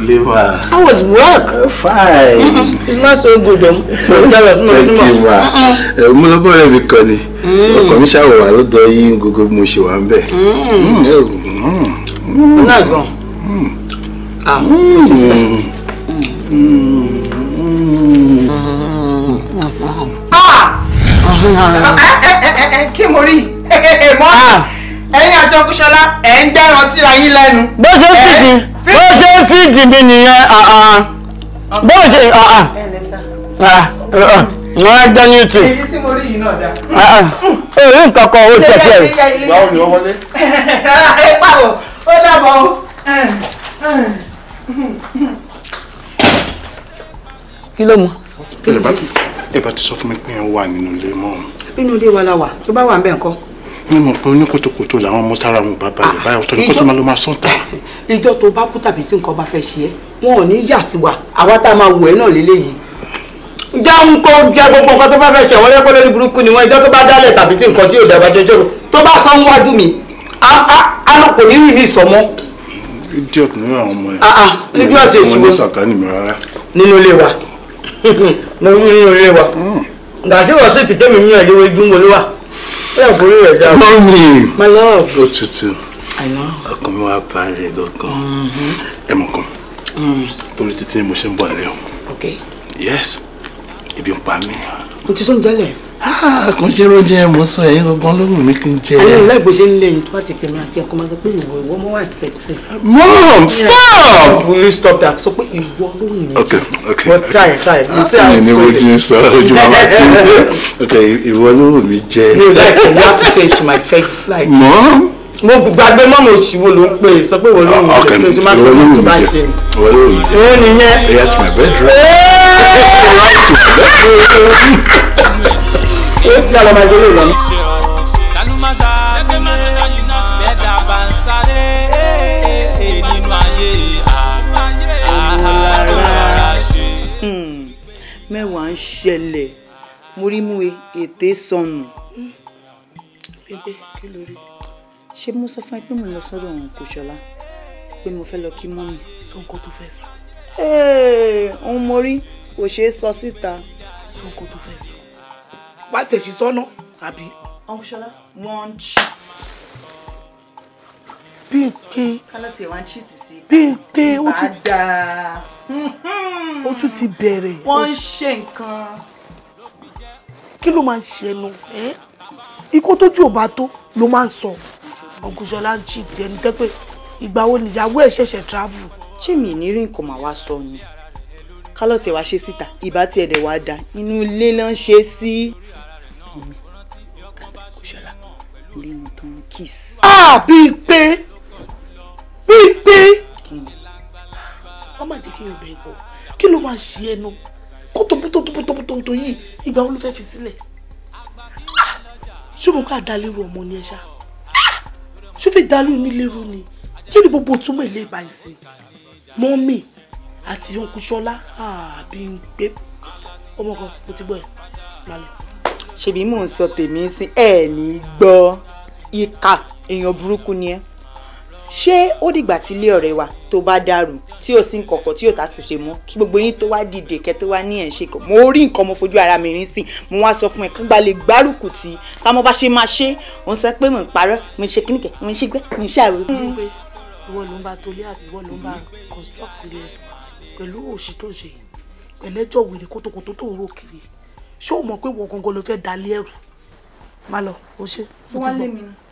Speaker 2: clever. How was work?
Speaker 3: Oh, fine. Mm -mm. It's not so good though. Thank you ma. Eh, mo lọ bọ̀rẹ̀ mi kan ni. Mm. Ọkọ mi ṣàwọ̀ wà lọ́dọ̀ yín gbogbo mo ṣe wà ń bẹ̀.
Speaker 2: Mm. Mm, eh, ah, nice one. Ah, ah
Speaker 4: eh, kí mo rí mọ́ ah. ẹ̀yin àti ọkùnṣọlá ẹ̀ ń gbẹ́ràn síra yín lẹ́nu. bó ṣe ń sìn bó ṣe ń fíìdì mi nìyẹn
Speaker 2: bó ṣe wọ́n á dán yín tù. èyí tí mo rí yìí náà dá. èyí ah, ah. nǹkan kan ó ṣe fẹ́. báwo ni
Speaker 4: ó wọlé. ẹ pàwọ̀ ó dàbọ̀ o. kí ló mú.
Speaker 3: ẹ bá ti sọ fún mi pé ẹ wà nínú ilé mọ́.
Speaker 4: nínú ilé wa la wà tó bá wà ń bẹ̀ ńkọ́
Speaker 3: mi mọ̀ pé oníkòtòkòtò làwọn ọmọ tára wọn bàbá rẹ̀ báyọ̀ ọ̀tọ̀ ní kó tó máa lọ
Speaker 4: máa sọ́ǹtà. ìjọ ah, tó bá kú tàbí tí nǹkan bá fẹ́ ṣe ẹ́ wọn ò ní yà sí wa àwa tá a máa wọ̀ ẹ́ náà léléyìí
Speaker 2: dáhùn kó jẹ gbogbo nǹkan tó bá fẹ́ ṣe àwọn ẹlẹ́pẹ́
Speaker 4: lórí burúkú ni wọ́n ìjọ tó bá dálẹ̀ tàbí tí nǹkan tí ò dàgbà jọjọ́ rò tó bá sọ ń wájú mi alọ́kò ní rìn mí ìsọmọ. idiot ni àwọn ọmọ yẹn. Ah, ah, mo ní ẹ forí rẹ̀ dá. mọ́mí my love. ó tutù
Speaker 3: ọkàn mi wá balẹ̀ gangan
Speaker 4: mm-hmm.
Speaker 3: ẹ mọ̀ kan torí mm. títí mo ṣe ń bọ̀
Speaker 4: lẹ́yìn. yes ibi ń pa mí. mo ti sọ́n jálẹ̀. Ah,
Speaker 3: kò ń ṣe oúnjẹ mọ sọ ẹyin gangan lóhùn mi kì í jẹ. àwọn ìlú
Speaker 4: ẹgbẹ́ ṣe ń lé ẹyin tó bá ti pinnu àti ẹ̀kọ́ máa sọ pé ìwọ ìwọ mọ́ wà sexy. mom stop. will you stop that sọ pé ìwọ lóhùn mi jẹ. ok ok but try try you say i'm sorry. ní ojú ń sọ ojú mama tí
Speaker 3: ok ìwọ lóhùn mi jẹ. you like you
Speaker 4: have to say it to my face like. mom mo gbàgbé mọ́ mo ṣì
Speaker 3: wo ló ń pè é sọ pé wọ́n ló ń jẹ pé ti máa fi mọ́ tó bá ṣe òun nìyẹn. ẹ̀yà tí my
Speaker 2: bed right kí a lọ máa gbélé ìlànà. kálùmọ́sá bẹ́ẹ̀dá bá ń
Speaker 4: sáré nínú ayé
Speaker 2: àhàrà
Speaker 4: ṣe. Hmm, mẹ́wàá ń ṣẹlẹ̀ mórímú ètè sọnù. bébè kí ló rí. ṣé mo sọ fún ẹ pé mo lọ sọ́dọ̀ òun kò ṣọlá pé mo fẹ́ lọ kí mọ́mì. sọ tó fẹ́ sọ. ọ̀hún mo rí kò ṣeé sọ síta. sọ tó fẹ́ sọ wá tẹ̀sí sọ́nà àbí. ọ̀ṣọ́lá one cheat. Bímpé. kálá tiẹ̀ wá ń cheat sí. Bímpé ó tún. ìbàdà. ó tún ti bẹ̀rẹ̀. wọ́n ń ṣe nǹkan. kí ló máa ń ṣẹnu ẹ́ ikú tójú ò bá tó ló máa ń sọ ọ̀gùnṣọ́lá ń cheat ẹni tẹ́ ìgbà wo nìyàwó ẹ̀ ṣẹ̀ṣẹ̀ travel. chimi ní rí nǹkan màá wá sọ ni kálọ̀ tiẹ̀ wá ṣe síta ìbá tiẹ̀ dẹ̀ wá da inú ilé náà ṣe sí. ah bíi pé bíi pé wọ́n máa jẹ́ kí èèyàn bẹ̀rẹ̀ bọ̀ kí ló máa ṣe ẹnu kó tó bútó tó bútó bútó tó yìí ìgbà wo ló fẹ́ fi sílẹ̀ ah, ṣé mo kọ́ àdálérú ọmọ ni ẹ ṣá ṣó fi dálérú nílérú ni kí ni gbogbo túmọ̀ ilé ìbá ìsìn mọ́mì àti òǹkùṣọ́lá àbí ah, ń gbé ọmọ kan mo ti gbọ́ ẹ̀ lálẹ́. ṣèbí mò ń sọ tèmi sí ẹ̀ ní gbọ́ ìka èèyàn burúkú ni ẹ́ ṣé ó dìgbà tí ilé ọ̀rẹ́ wa tó bá dàrú tí ò sí nkankan tí ò tá tún ṣe mọ́ kí gbogbo yín tó wá dìde kẹ́ tó wá ní ẹ̀ ń ṣe kàn mo rí nǹkan mo fojú ara mi rí sí mo wá sọ fún ẹ kágbá lè gbárùkù tí ká mo bá ṣe máa ṣe òun sọ pé mo ń parọ́ mo ń ṣe kíníkẹ́ mo ń ṣe gbẹ́ mo ń ṣàwé. ìwọ ló ń bá tolé àbí ìwọ ló ń bá construct ilé pẹ̀lú òṣì tó ṣe pẹ̀lẹ́jọ̀ wèrè kótókótó tó ń rò kiri ṣé o má lọ o ṣe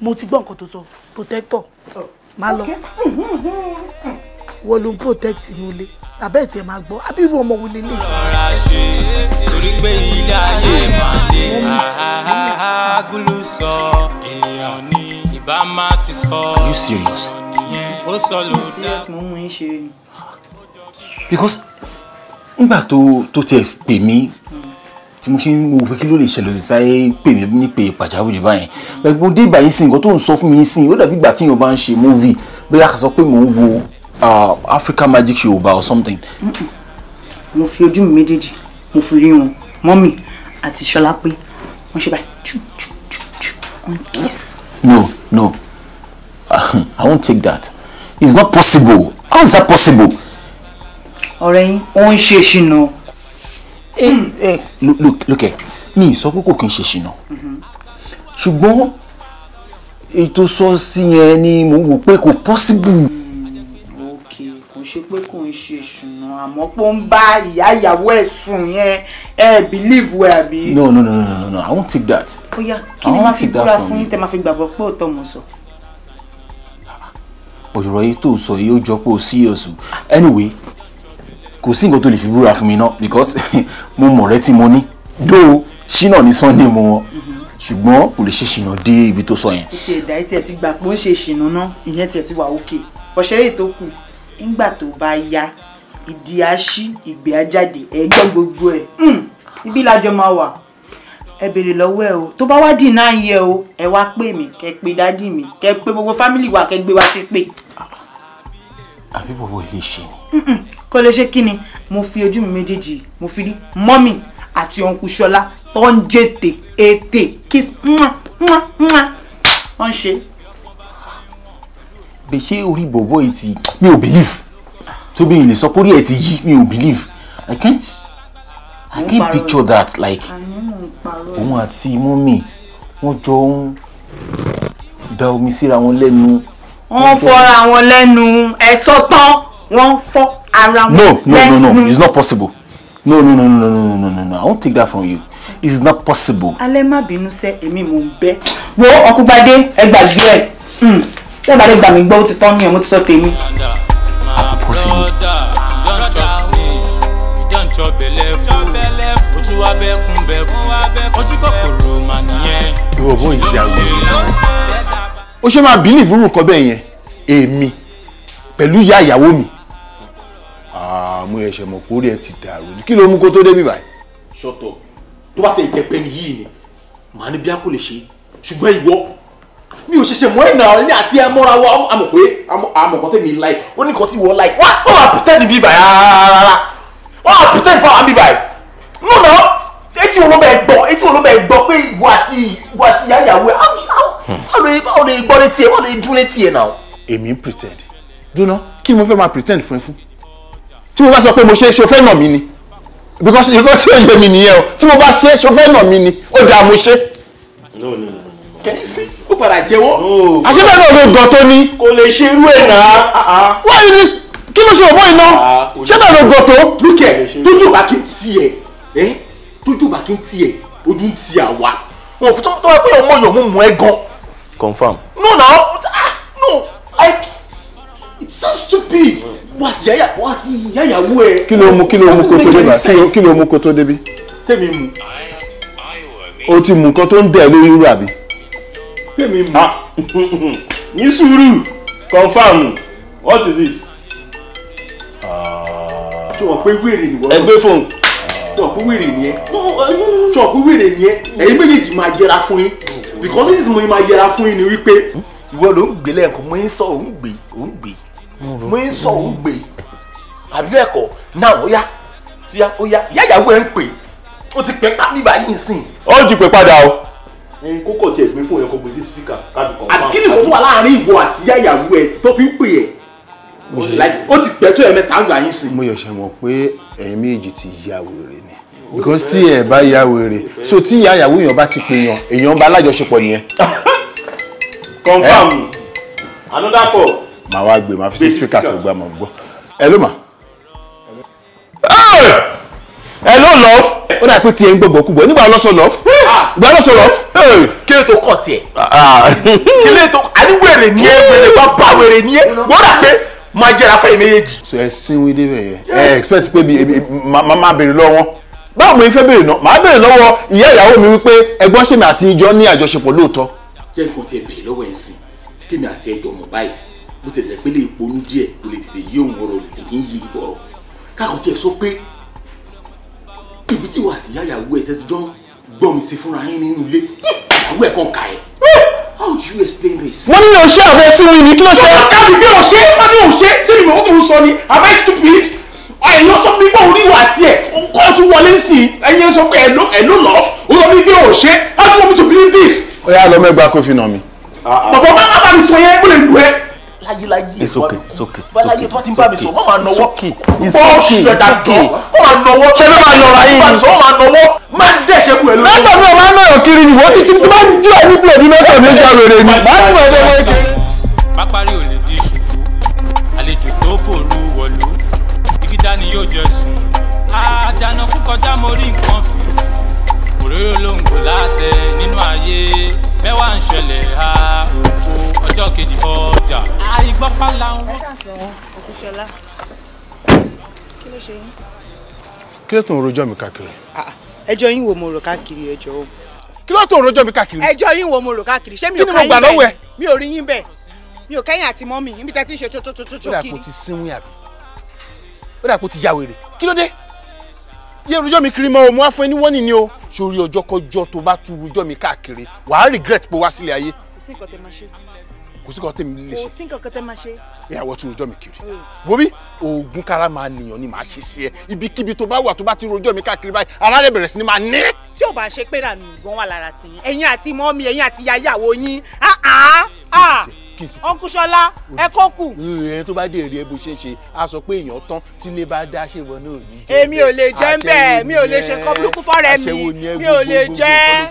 Speaker 4: mo ti gbọ́ nǹkan tó sọ protector oh. má lọ wọ́n ló ń protect inú ilé abẹ́ tiẹ̀ máa gbọ́ abíwú ọmọ wo lè lè.
Speaker 1: ṣe torí pé ilé ayé máa dé àgùlù sọ èèyàn ní ìbá máa ti sọ. are you serious. ó sọ ló dá. mo mú yín because
Speaker 3: ngbà tó tó tiẹ̀ pè mí tí mo ṣe ń wo pé kí ló lè ṣẹlẹ̀ tí táyé pè mí nípe pàjáwìrì báyẹn mo dé ìgbà yìí sí nǹkan tó ń sọ fún mi sí ó dàbí ìgbà tíyan bá ń ṣe movie bóyá kà sọ pé mò ń wo ah, Africa Magic Yorùbá or something.
Speaker 4: mo fi ojú mi méjèèjì mo fi rí wọn mọ́mì àti ṣọlá pé wọ́n ṣe báyìí jù jù jù jù on kiss.
Speaker 3: no no i won't take that it's not possible how is that possible.
Speaker 4: ọ̀rẹ́ yín ó ń ṣe
Speaker 3: ìṣìnà. Eh, eh, lókè eh, mi ì sọ pé kò kí n ṣe ṣìnà ṣùgbọ́n ètò sọ sí yẹn ni mo wò pé kò pọ́síbù.
Speaker 4: ok kò ṣe pé kò ń ṣe ṣìnà àmọ́ pé ó ń bá ìyá ìyàwó ẹ̀ sùn yẹn ẹ believe wẹ àbí. no
Speaker 3: no no no no i won't take that. ó yá kí ni máa fi búra fún yín tẹ
Speaker 4: máa fi gbàgbọ́ pé òótọ́ mo sọ
Speaker 3: òṣùrọ̀ yìí tó sọ yìí ó jọ pé ó sí anyway kò sí nǹkan tó lè fi búra fún mi náà because mo mọ̀ rẹ́ tí mo ní dó ṣínà ní sunday mo wọn ṣùgbọ́n kò lè ṣe ṣìnà dé ibi tó sọ yẹn.
Speaker 4: ìṣe ìdá ẹ̀ tiẹ̀ ti gbà pé ó ń ṣe ìṣìnà náà ìyẹn tiẹ̀ ti wà òkè ọ̀ṣẹ́rẹ́ tó kù ńgbà tó bá ya ìdí aṣí ìgbé ajáde ẹgbẹ́ gbogbo ẹ̀ hmm, ibi lájọ máa wà ẹ béèrè lọ́wọ́ ẹ o tó bá wá dì yẹ o ẹ wá pè mí kẹ pé dádì mi kẹ pé gbogbo fámìlì wa kẹ gbé wa ṣe pé
Speaker 3: àbí bòbò ilé ṣe
Speaker 4: ni. kò lè ṣe kí ni mo fi ojú mi méjèèjì mo fi rí mọ́mì àti ọ̀nkú ṣọlá tó ń jètè ètè kiss wọ́n ṣe. bẹ́ẹ̀
Speaker 3: ṣé orí bòbò yìí ti mi ò believe tóbi ìlè sọ pé orí ẹ̀ ti yí mi ò believe i can't i can't picture that like òun àti mọ́mì wọ́n jọ ń da omi síra wọn lẹ́nu
Speaker 2: wọ́n fọ́ra
Speaker 3: wọn lẹ́nu
Speaker 4: ẹ̀sọ́ tán wọ́n fọ́ ara wọn lẹ́nu. no no no no it's
Speaker 3: not possible no no no no no no no no i won't take that from you it's not possible.
Speaker 4: alẹ́ má bínú sẹ́ èmi mò ń bẹ́ wo ọkùnbadé ẹ gbàgbé hmm.
Speaker 3: gbà mí gbọ́
Speaker 4: ó ti tán mi ọ̀ mo ti sọ tèmi. àpòpọ̀ sí mi.
Speaker 3: ìwọ bó ìyá wò
Speaker 1: ni
Speaker 3: ó ṣe máa believe irú nǹkan bẹ́ẹ̀ yẹn èmi pẹ̀lú ìyá ìyàwó mi àmú ah, ẹ̀ṣẹ̀ mọ̀ kórè ẹ ti dàrú kí ló mú kó tó débi báyìí. ṣọtọ tó bá tẹ ìjẹpẹ yìí ni màá ní bí a kò lè ṣe ṣùgbọ́n ìwọ mi ò ṣẹ̀ṣẹ̀ mọ́ ẹ̀nà ọ̀rẹ́ mi àti ẹmọ́ra wa àmọ̀ pé àmọ̀ kan tẹ̀mí like ó ní kan tí wọ́n like wá wọ́n máa pretend níbi ibà rárá wọ́n máa pretend fáwọn àmì ibà yìí nùnà etí wọn ló bẹ̀ gbọ́ etí wọn ló bẹ̀ gbọ́ pé ìwọ àti ìyá ìyàwó ẹ̀ báwo lè gbọ́ létí ẹ báwo lè dún létí ẹ náà. èmi ń pretend dúná kí ni mo fẹ́ máa pretend fún ẹ fún tí mo bá sọ pé mo ṣe é ṣe o fẹ́ nà mí ni because ìkọ́ tí òye mi nìyẹn o tí mo bá ṣe é ṣe o fẹ́ nà mí ni ó dáa mo ṣe. kẹ́yìn sí ó padà jẹ́wọ́. àṣebẹ́ náà ló gan tó ní. kò lè ṣe irú ẹ̀ náà. why you dey kí ló ṣe òbọ̀ iná ah, ṣé bẹ́ẹ̀ ló gan tó. lókè tójú bá kí n tiẹ̀ tójú bá kí n tiẹ̀ ojú ń ti àwa. wọn kò tó wá pé ọmọ yòó mú mu ẹ gan Confirm. no na ah no i it sounds stupid. wà yaya? ti yaya? wà á ti yáyàwó ẹ. kí ló mú kí ló mú kó tó débà kí ló mú kó tó débí. tèmi mu. o ti mú nǹkan tó ń dẹ̀ lórí rú àbí. tèmi mu. Ah, ní sùúrù confam what is this. tí ah. wọ́n pé wèrè ni wọ́n. ẹgbẹ́ fóun. tí wọ́n pé wèrè ni ẹ. tí wọ́n pé wèrè ni ẹ. ẹ̀yin méjèèjì máa jẹra fún yín because this is mo máa yẹra fún yín ni wípé ìwọ ló ń gbé lẹ́ẹ̀kan mo ń sọ òun gbé òun gbé mo ń sọ òun gbé àbí ẹ̀kọ́ náà ó yá ó yá ìyá ìyàwó ẹ̀ ń pè ó ti pẹ́ pàbí báyìí nsìn. ó ti pè padà o. ẹyin kókò tiẹ̀ gbé fún ẹ̀kọ́ gbé sí spíkà káàdì kan. àdìgínì kan tó wà láàrin ìwọ àti ìyá ìyàwó ẹ tó fi ń pè ẹ ó ti pẹ́ tó ẹ̀ mẹ́ta ń gbà yín sìn. mo yọ̀ ṣe mọ̀ pé ẹ̀yin méjì ti yà wèrè because tí ẹ bá ya wèrè so tí ìyá ìyàwó èèyàn bá ti pè yàn èèyàn bá alájọṣepọ̀ nìyẹn. confam eh? another call. màá wá gbé màá fi sí speaker tó gbà mọ̀ gbọ́. ẹ ló mà. ẹ ló lọ. ó dà pé tiẹ̀ ń gbogbo kúgbọ̀ nígbà lọ́sọ̀ lọ. gbà lọ́sọ̀ lọ. kí lè tó kọ̀ tiẹ̀. Ah, ah. kí lè tó àníwèrè ni ẹ wèrè bá bá wèrè ni ẹ wọ́n dà pé máa jẹ́ra fẹ́ ìméyèjì. so ẹ sínwó débẹ̀ yẹn ẹ expect pé màá béèrè lọ́wọ́ báwo mo fẹ́ béèrè náà màá béèrè lọ́wọ́ ìyá ìyàwó mi wípé ẹ̀gbọ́n ṣèmi àti ìjọ ní àjọṣepọ̀ lóòótọ́. jẹ́ nǹkan tiẹ̀ béèrè lọ́wọ́ ẹ̀ sìn kémi àti ẹjọ́ mọ̀ báyìí bó ti lẹ̀ pé lè ponú díẹ̀ kò lè tètè yé òun ọ̀rọ̀ lè tètè yí ọ̀rọ̀ káàkiri tiẹ̀ sọ pé ibi tí wà àti ìyá ìyàwó ẹ̀ tẹ́tí jọ ń gbọ́ mi sí fúnra yín nínú ilé ìyàwó ẹ̀ kàn ká ẹ̀.
Speaker 4: How do you explain this?
Speaker 2: Wọ́n ní òṣè ọ̀bẹ sí mi ní kí ló ṣe. Káàbì bí òṣè, wọ́n ní òṣè, ṣé ìmọ̀ òkùnrin sọ
Speaker 3: ni, am I stupid? ẹ̀yin sọ fún mi pé orí wa tiẹ̀ nǹkan tún wọlé sí i ẹ̀yin sọ pé ẹ̀ló ẹ̀ló lọ́f ó sọ mi pé ò ṣe how do you want me to believe this. ó yà lọ mẹ́gbàá kó fi nà mí. bàbá má bá mi sọ yẹn kó lè lù ẹ. láyéláyé it's okay it's okay balaye tó ti ń bá mi sọ wọ́n máa nọwọ́ bọ́ọ̀ṣù ẹ̀dá gan wọ́n máa nọwọ́ ṣé ló máa yọra yín ni wọ́n máa nọwọ́ máa ń dẹ̀ṣẹ̀ kú ẹ̀ lórí. látọ̀ mi ò máa ń
Speaker 2: náyọ̀ kiri ni wọ́n ti ti máa ń jó ẹni pẹ̀lú mẹ́tọ̀ mi jà wèrè ni. pápárí
Speaker 1: ò lè di ṣùkú àlejò tó fòru wọ̀lú dídá ni yóò jẹ sùn àjànà kú kọjá mo rí nǹkan fì òróró ló ń gbò láàtẹ nínú ayé mẹ́wàá ń ṣẹlẹ̀ ha òfo ọjọ́ kejì ọjà àìgbọ́pá
Speaker 4: làwọn. ẹ káàsán òkúṣọlá kí ló ṣe yín.
Speaker 3: kí ló tó rojọ́ mi káàkiri.
Speaker 4: Ah, ah. ẹjọ́ yín wo mo rò káàkiri ẹjọ́ o. kí ló tó rojọ́ mi káàkiri. ẹjọ́ yín wo mo rò káàkiri ṣé mi ò ká bẹ́ẹ̀ mi ò rí yín bẹ́ẹ̀ mi ò kẹ́yìn àti mọ́mì níbi tẹ́ ti ṣe tó tó tó tó kiri. ó dà kó ti
Speaker 3: sínwín àbí ó dà pé ó ti ya wèrè kí ló dé yé orújọ́ mi kiri mọ́ o mo wá fún ẹ ní wọ́nì ni o sórí ọjọ́ kọjọ́ tó bá tu orújọ́ mi káàkiri wàá regret pé wá sílé ayé. kò sí nǹkan tẹ́ máa ṣe. kò sí nǹkan tẹ́ mi lè ṣe. kò
Speaker 4: sí nǹkan tẹ́ máa ṣe.
Speaker 3: ìyàwó tí orújọ́ mi kiri mm. wo bí oògùn kára máa nìyàn ni màá ṣe sí ẹ ibikíbi tó bá wà tó bá ti rojọ́ káàkiri báyìí ara rẹ̀ bẹ̀rẹ̀ sí ni máa ní. tí ò bá ṣe pé rànú
Speaker 4: gan wà lára tì
Speaker 3: yín ẹ̀yin àti mọ́mí ẹ̀yin àti yàyàwó yín ah, ah, ah ọkùsọlá ẹ kó kù. ìyẹn tó bá dé èrè bó ṣe ṣe a sọ pé èèyàn tán tí ilé bá dá ṣe wọn náà ní. èmi ò lè jẹ́ ń bẹ́ẹ̀ mi ò lè ṣe kọ́ burúkú fọ́rẹ́ mi mi ò lè jẹ́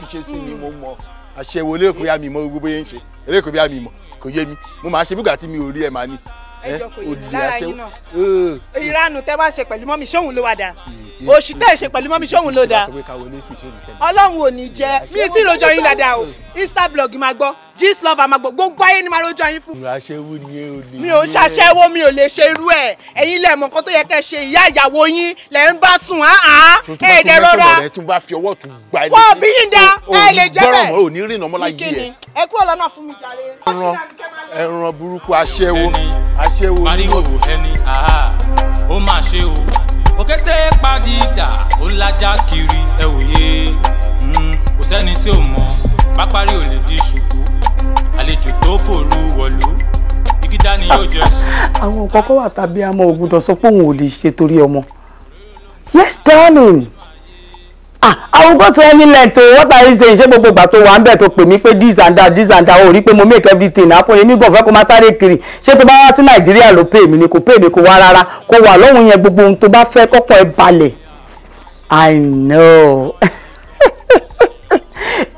Speaker 3: àṣẹwò lè pé àmì mọ gbogbo yẹn ń ṣe eré kò bí àmì mọ kò yé mi mo máa ṣe bí ìgbà tí mi ò rí ẹ máa ní.
Speaker 4: ẹ jọ kò yí lára yín náà ìranù tẹ bá ṣe pẹ̀lú mọ́mí ṣóhun ló wà dáa oṣù tẹ́ ẹ̀ ṣe pẹ̀lú mọ́mí ṣóhun ló dáa
Speaker 3: ọlọ́run
Speaker 4: ò ní jẹ́ mi ì tí ì rojọ́ yín dáadáa o insta blog máa gbọ́ gist lover máa gbọ́ gbogbo ayé ni máa lójú ayín fún.
Speaker 3: aṣẹ́wó ni ẹ ò
Speaker 4: lè. mi ò ṣaṣẹ́wó mi ò lè ṣe irú ẹ̀ ẹ̀yin lẹ̀ mọ̀ nǹkan tó yẹ kẹ́ ṣe ìyá ìyàwó yín lẹ̀ ń bá sùn ah, ah. áhà ẹ̀ dẹ̀ rọra. tó
Speaker 3: tún bá fi ọwọ́ tún gba ẹ̀
Speaker 4: létí. wọ́n bí yín dá ẹ lè jẹ́ bẹ́ẹ̀. ò ní
Speaker 3: rìn ọmọlá yìí ẹ.
Speaker 4: ẹ kúrò lọ́nà fún mi jàre. ẹran
Speaker 1: ẹran burúkú aṣẹ́wó aṣẹ́wó. pariwo ẹni ó máa ṣe o òkété padìdà ó ń lajá kiri ẹ wòye hmm, kò sẹ́ni tí ò mọ̀ pápárí ò lè díṣu àlejò tó fòru wọ̀lú ìgídá ni yóò jẹ
Speaker 4: sí. àwọn nǹkan kan wà tàbí àmọ́ ògùdàn sọ pé òun ò lè ṣe torí ọmọ yes darling àwọn kan tí ẹni lẹ́ǹtò what are you saying ṣé gbogbo ìgbà tó wà ń bẹ̀ tó pè mí pé this and that this and that ò rí pé mo make everything happen èmi gan fẹ́ kó máa sáré kiri ṣé tó bá wá sí nàìjíríà ló pè mí ni kò pè mí kò wá rárá kó wà lọ́hùn yẹn gbogbo ohun tó bá fẹ́ kọ́kọ́ ẹ balẹ̀ i know.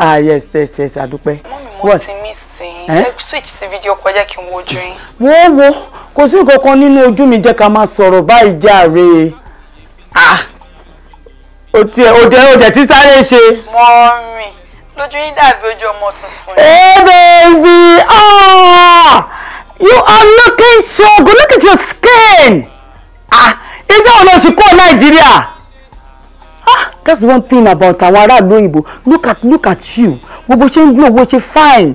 Speaker 4: ah yes yes yes I do. mo ti miss eh? switch the video. kọjá kí n wojú yín. whoa, wo kò sí nǹkan kan nínú ojú mi jẹ́ ká máa sọ̀rọ̀ Jerry. ah o tiẹ̀ o dẹ̀ o dẹ̀ ti sáré ṣe. mo rìn lójú yín dàbí ojú tuntun. hey eh, baby ah you are looking so good look at your skin ah ìjọ ọ̀nà òsì kúrò nàìjíríà ah that's one thing about àwọn aráàlú òyìnbó look at look at you gbogbo ṣe ń gbọ́n owó ṣe fine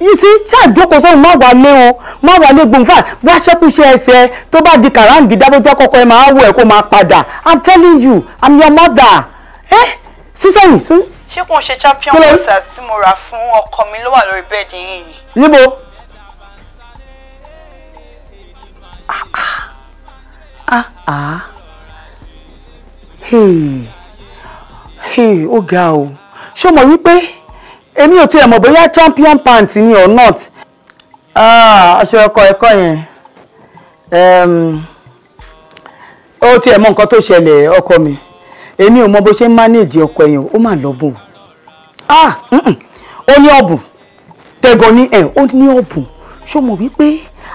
Speaker 4: you see ṣàjókòó sọ́run má wà lé o má wà lé gbòǹfà wá ṣẹ́kù iṣẹ́ ẹsẹ̀ tó bá di kàráǹgì dábòjá kọ́kọ́ ẹ máa wọ ẹ̀ kó máa padà i'm telling you i'm your mother eh sísẹ́yìn sí. ṣé kò ń ṣe champion boxers tí mo rà fún ọkọ mi ló wà lórí bẹ́ẹ̀dì yìí. níbo. ah ah ah ah. Hmm. Hmm, ó ga o ṣé o mọ̀ wípé èmi ò tiẹ̀ mọ̀ bóyá champion pant ni or not ah, aṣọ ẹ̀kọ́ ẹ̀kọ́ yẹn ó tiẹ̀ mọ̀ nǹkan tó ṣẹlẹ̀ ọkọ mi èmi ò mọ̀ bó ṣe ń manage ọkọ ẹ̀yàn ó mà lọ́bùn ah, ó ní ọ̀bùn tẹ̀gọ̀ ní ẹ̀ ó ní ọ̀bùn ṣé o wípé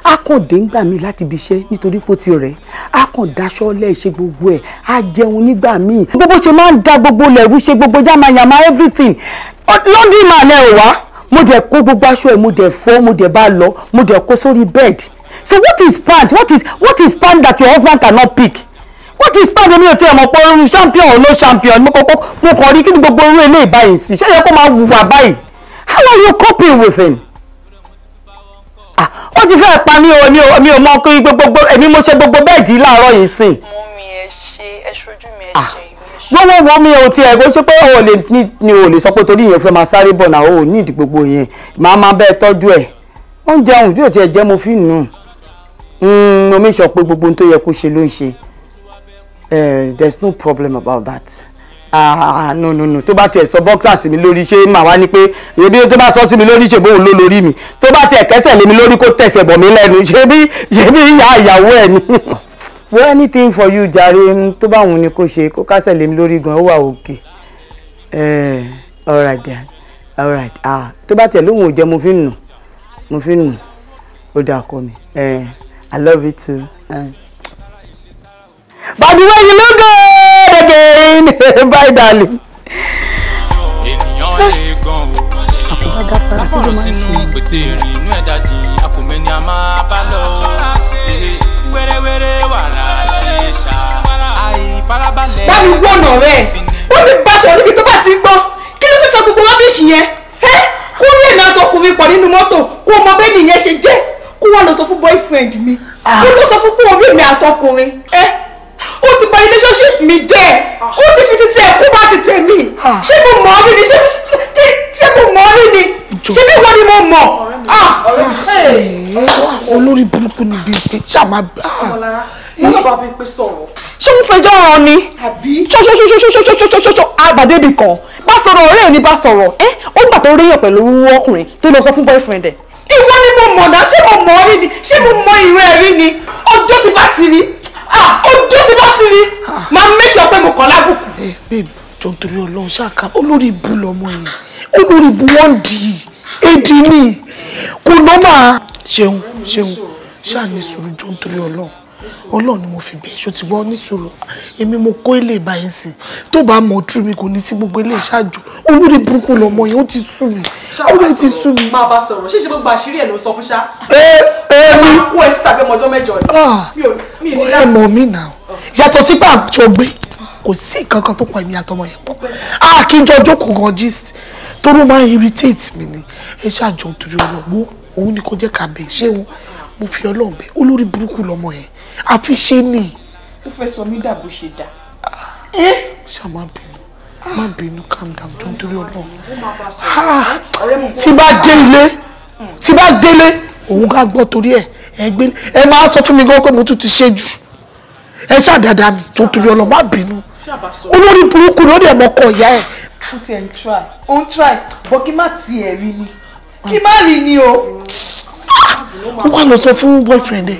Speaker 4: a kàn dé ńgbà míì láti ibi iṣẹ́ nítorí pé ó ti rẹ̀ a kàn daṣọ lẹ̀ ṣe gbogbo ẹ̀ a jẹun nígbà míì gbogbo ṣe máa ń da gbogbo lẹ̀rú ṣe gbogbo yamayama everything lọ́dún ìmọ̀ àná ẹ̀ wá mo dẹ̀ kó gbogbo aṣọ ẹ̀ mo dẹ̀ fọ́ mo dẹ̀ bá lọ mo dẹ̀ kó sórí bed so what is pant what is what is pant that your husband cannot pick what is pant èmi ò tiẹ̀ mọ̀ pé irú champion or no champion mo kọ́kọ́ mo kàn rí kí ni gbogbo irú eléyìí báyìí sí ṣé yẹ kó máa wùwà báyìí how are you coping with him. Ah, ó ti fẹ́ pa mí o mi ò mọ pé gbogbo èmi mo ṣe gbogbo bẹ́ẹ̀ jí láàárọ̀ yìí sìn. mo mi
Speaker 2: ẹ ṣe ẹ ṣojú
Speaker 4: mi ah, ẹ ṣe wọ́n wọ́n wọ́n mi ò tiẹ̀ kó sọ pé o lè ní ni o lè sọ pé torí ìyẹn fẹ́ máa sáré bọ̀ náà o ní ìdí gbogbo yẹn màá máa bẹ́ẹ̀ tọ́jú ẹ̀ oúnjẹ ọ̀hún bí ò tiẹ̀ jẹ́ mo fi nù hmm, mo mi sọ pé gbogbo ohun tó yẹ kó ṣe ló ń ṣe eh, there is no problem about that ah no no no tó bá tiẹ̀ sọ boxer sí mi lórí ṣé màá wá ní pé ebi tó bá sọ sí mi lórí ṣe bóun ló lórí mi tó bá tiẹ̀ kẹ́sẹ̀ lé mi lórí kó tẹ̀sẹ̀ bọ̀ mí lẹ́nu ṣé bí ṣé bí ìyá ìyàwó ẹ̀ ni. well anything for you jàre tó bá wùn ni kó ṣe kó kásẹ̀ lé mi lórí gan ó wà òkè eh, ah tó bá tiẹ̀ lóhùn ò jẹ́ mo fi nù mo fi nù ó dà kọ́ mi eh, i love you too. bàbá ìwé yìí ló dé
Speaker 2: again bye darling.
Speaker 1: àfọ̀rọ̀ sínú pété rìn inú ẹ̀dá jìn àkùnmẹ́ni a máa bá lọ. wẹ́rẹ́wẹ́rẹ́ wà láàyè ṣá àìfarabalẹ̀.
Speaker 4: bámi wọ̀nà rẹ̀ bámi bá sọ níbi tó bá ti gbọ́ kí ló fẹ́ fẹ́ gbogbo rọ́bìṣì yẹn kó rí èmi àtọkùnrin pọ̀ nínú mọ́tò kó mọ bẹ́ẹ̀ nìyẹn ṣe jẹ́ kó wọ́n lọ sọ fún boyfriend mi ah. kó lọ sọ fún kó rí èmi àtọkùnrin ó ti bà relationship mi jẹ́ ó ti fi títí ẹ̀kú bá ti tèmi ṣé mo mọ̀ ọ́ rí ni ṣé mo mọ̀ ọ́ rí ni ṣé bí wọ́n ni mo mọ̀ olórí burúkú ni Bímpé ṣàmà bá ṣé wọ́n fẹjọ́ rán ni ṣọ́ṣọ́ṣọ́ṣọ́ṣọ́ṣọ́ṣọ́ṣọ́ àgbàdébì kan bá sọ̀rọ̀ ọ̀rẹ́ ẹ̀ ní bá sọ̀rọ̀ ẹ́ ó gbà tó réyàn pẹ̀lú ọkùnrin tó lọ sọ fún boyfriend ẹ̀ ìwọ ni mo mọ̀ náà ṣé mo mọ̀ ọ́ rí ni ṣé mo mọ̀ ìwé ẹ̀rí ni ọjọ́ ti bá ti rí Ah, ojú ti bá ti rí ah. máa make sure pé mo kàn lábùkù. ẹ eh, babe jọ nítorí Ọlọ́run ṣáàkà olórí ibu lọmọ yẹn olórí ibu wọn di èdè ni kò nọ́mà ṣeun ṣeun ṣáà ní sùúrù jọ nítorí Ọlọ́run ọlọ́run ni mo fi bẹ̀ ṣó ti wọ́ níṣòro èmi mo kó ilé ìbáyìí sí tó bá mọ̀ tú mi kò ní sí gbogbo ilé ìṣáájú olórí burúkú lọmọ yẹn ó ti sú mi ó lè ti sú mi. máa bá sọ̀rọ̀ ṣé gbogbo àṣírí ẹ̀ ló sọ fún ṣá. ẹ ẹ mi máa kú ẹ sí tàbí ọmọ ọjọ́ mẹ́jọ ni. Ah. ẹ mọ̀ mí nà yàtọ̀ sí pé àjọ gbé kò sí nǹkan kan tó pa èmi àtọmọ yẹn pọ̀ a kì í jọ jókòó gan gist torí máa irritate mi ni ẹ ṣáàjọ torí ọlọ́gbó òun ni kò jẹ́ ká bẹ̀ ṣé mo fi ọlọ́ọ̀bẹ olórí burúkú lọmọ yẹn àfiṣe ni. O fẹ́ sọ mí dà bó ṣe dà. Ah. Eh? ṣá má bínú ah. má bínú calm down jọ nítorí ọlọ́run
Speaker 2: ah. mm. tí bá dé ilé tí bá
Speaker 4: délé òun ká gbọ́ torí ẹ̀ ẹ gbé ẹ máa sọ fún mi gan pé mo tún ti ṣe jù ẹ ṣàdàdà mi tó torí ọlọ́run má bínú olórí burúkú ló dẹ̀ mọ́kọ ìyá ẹ̀. ó ti try ó ń try bọ́ kí má tiẹ̀ rí ni kí má rí ni o. ó wà lọ sọ fún boyfriend ẹ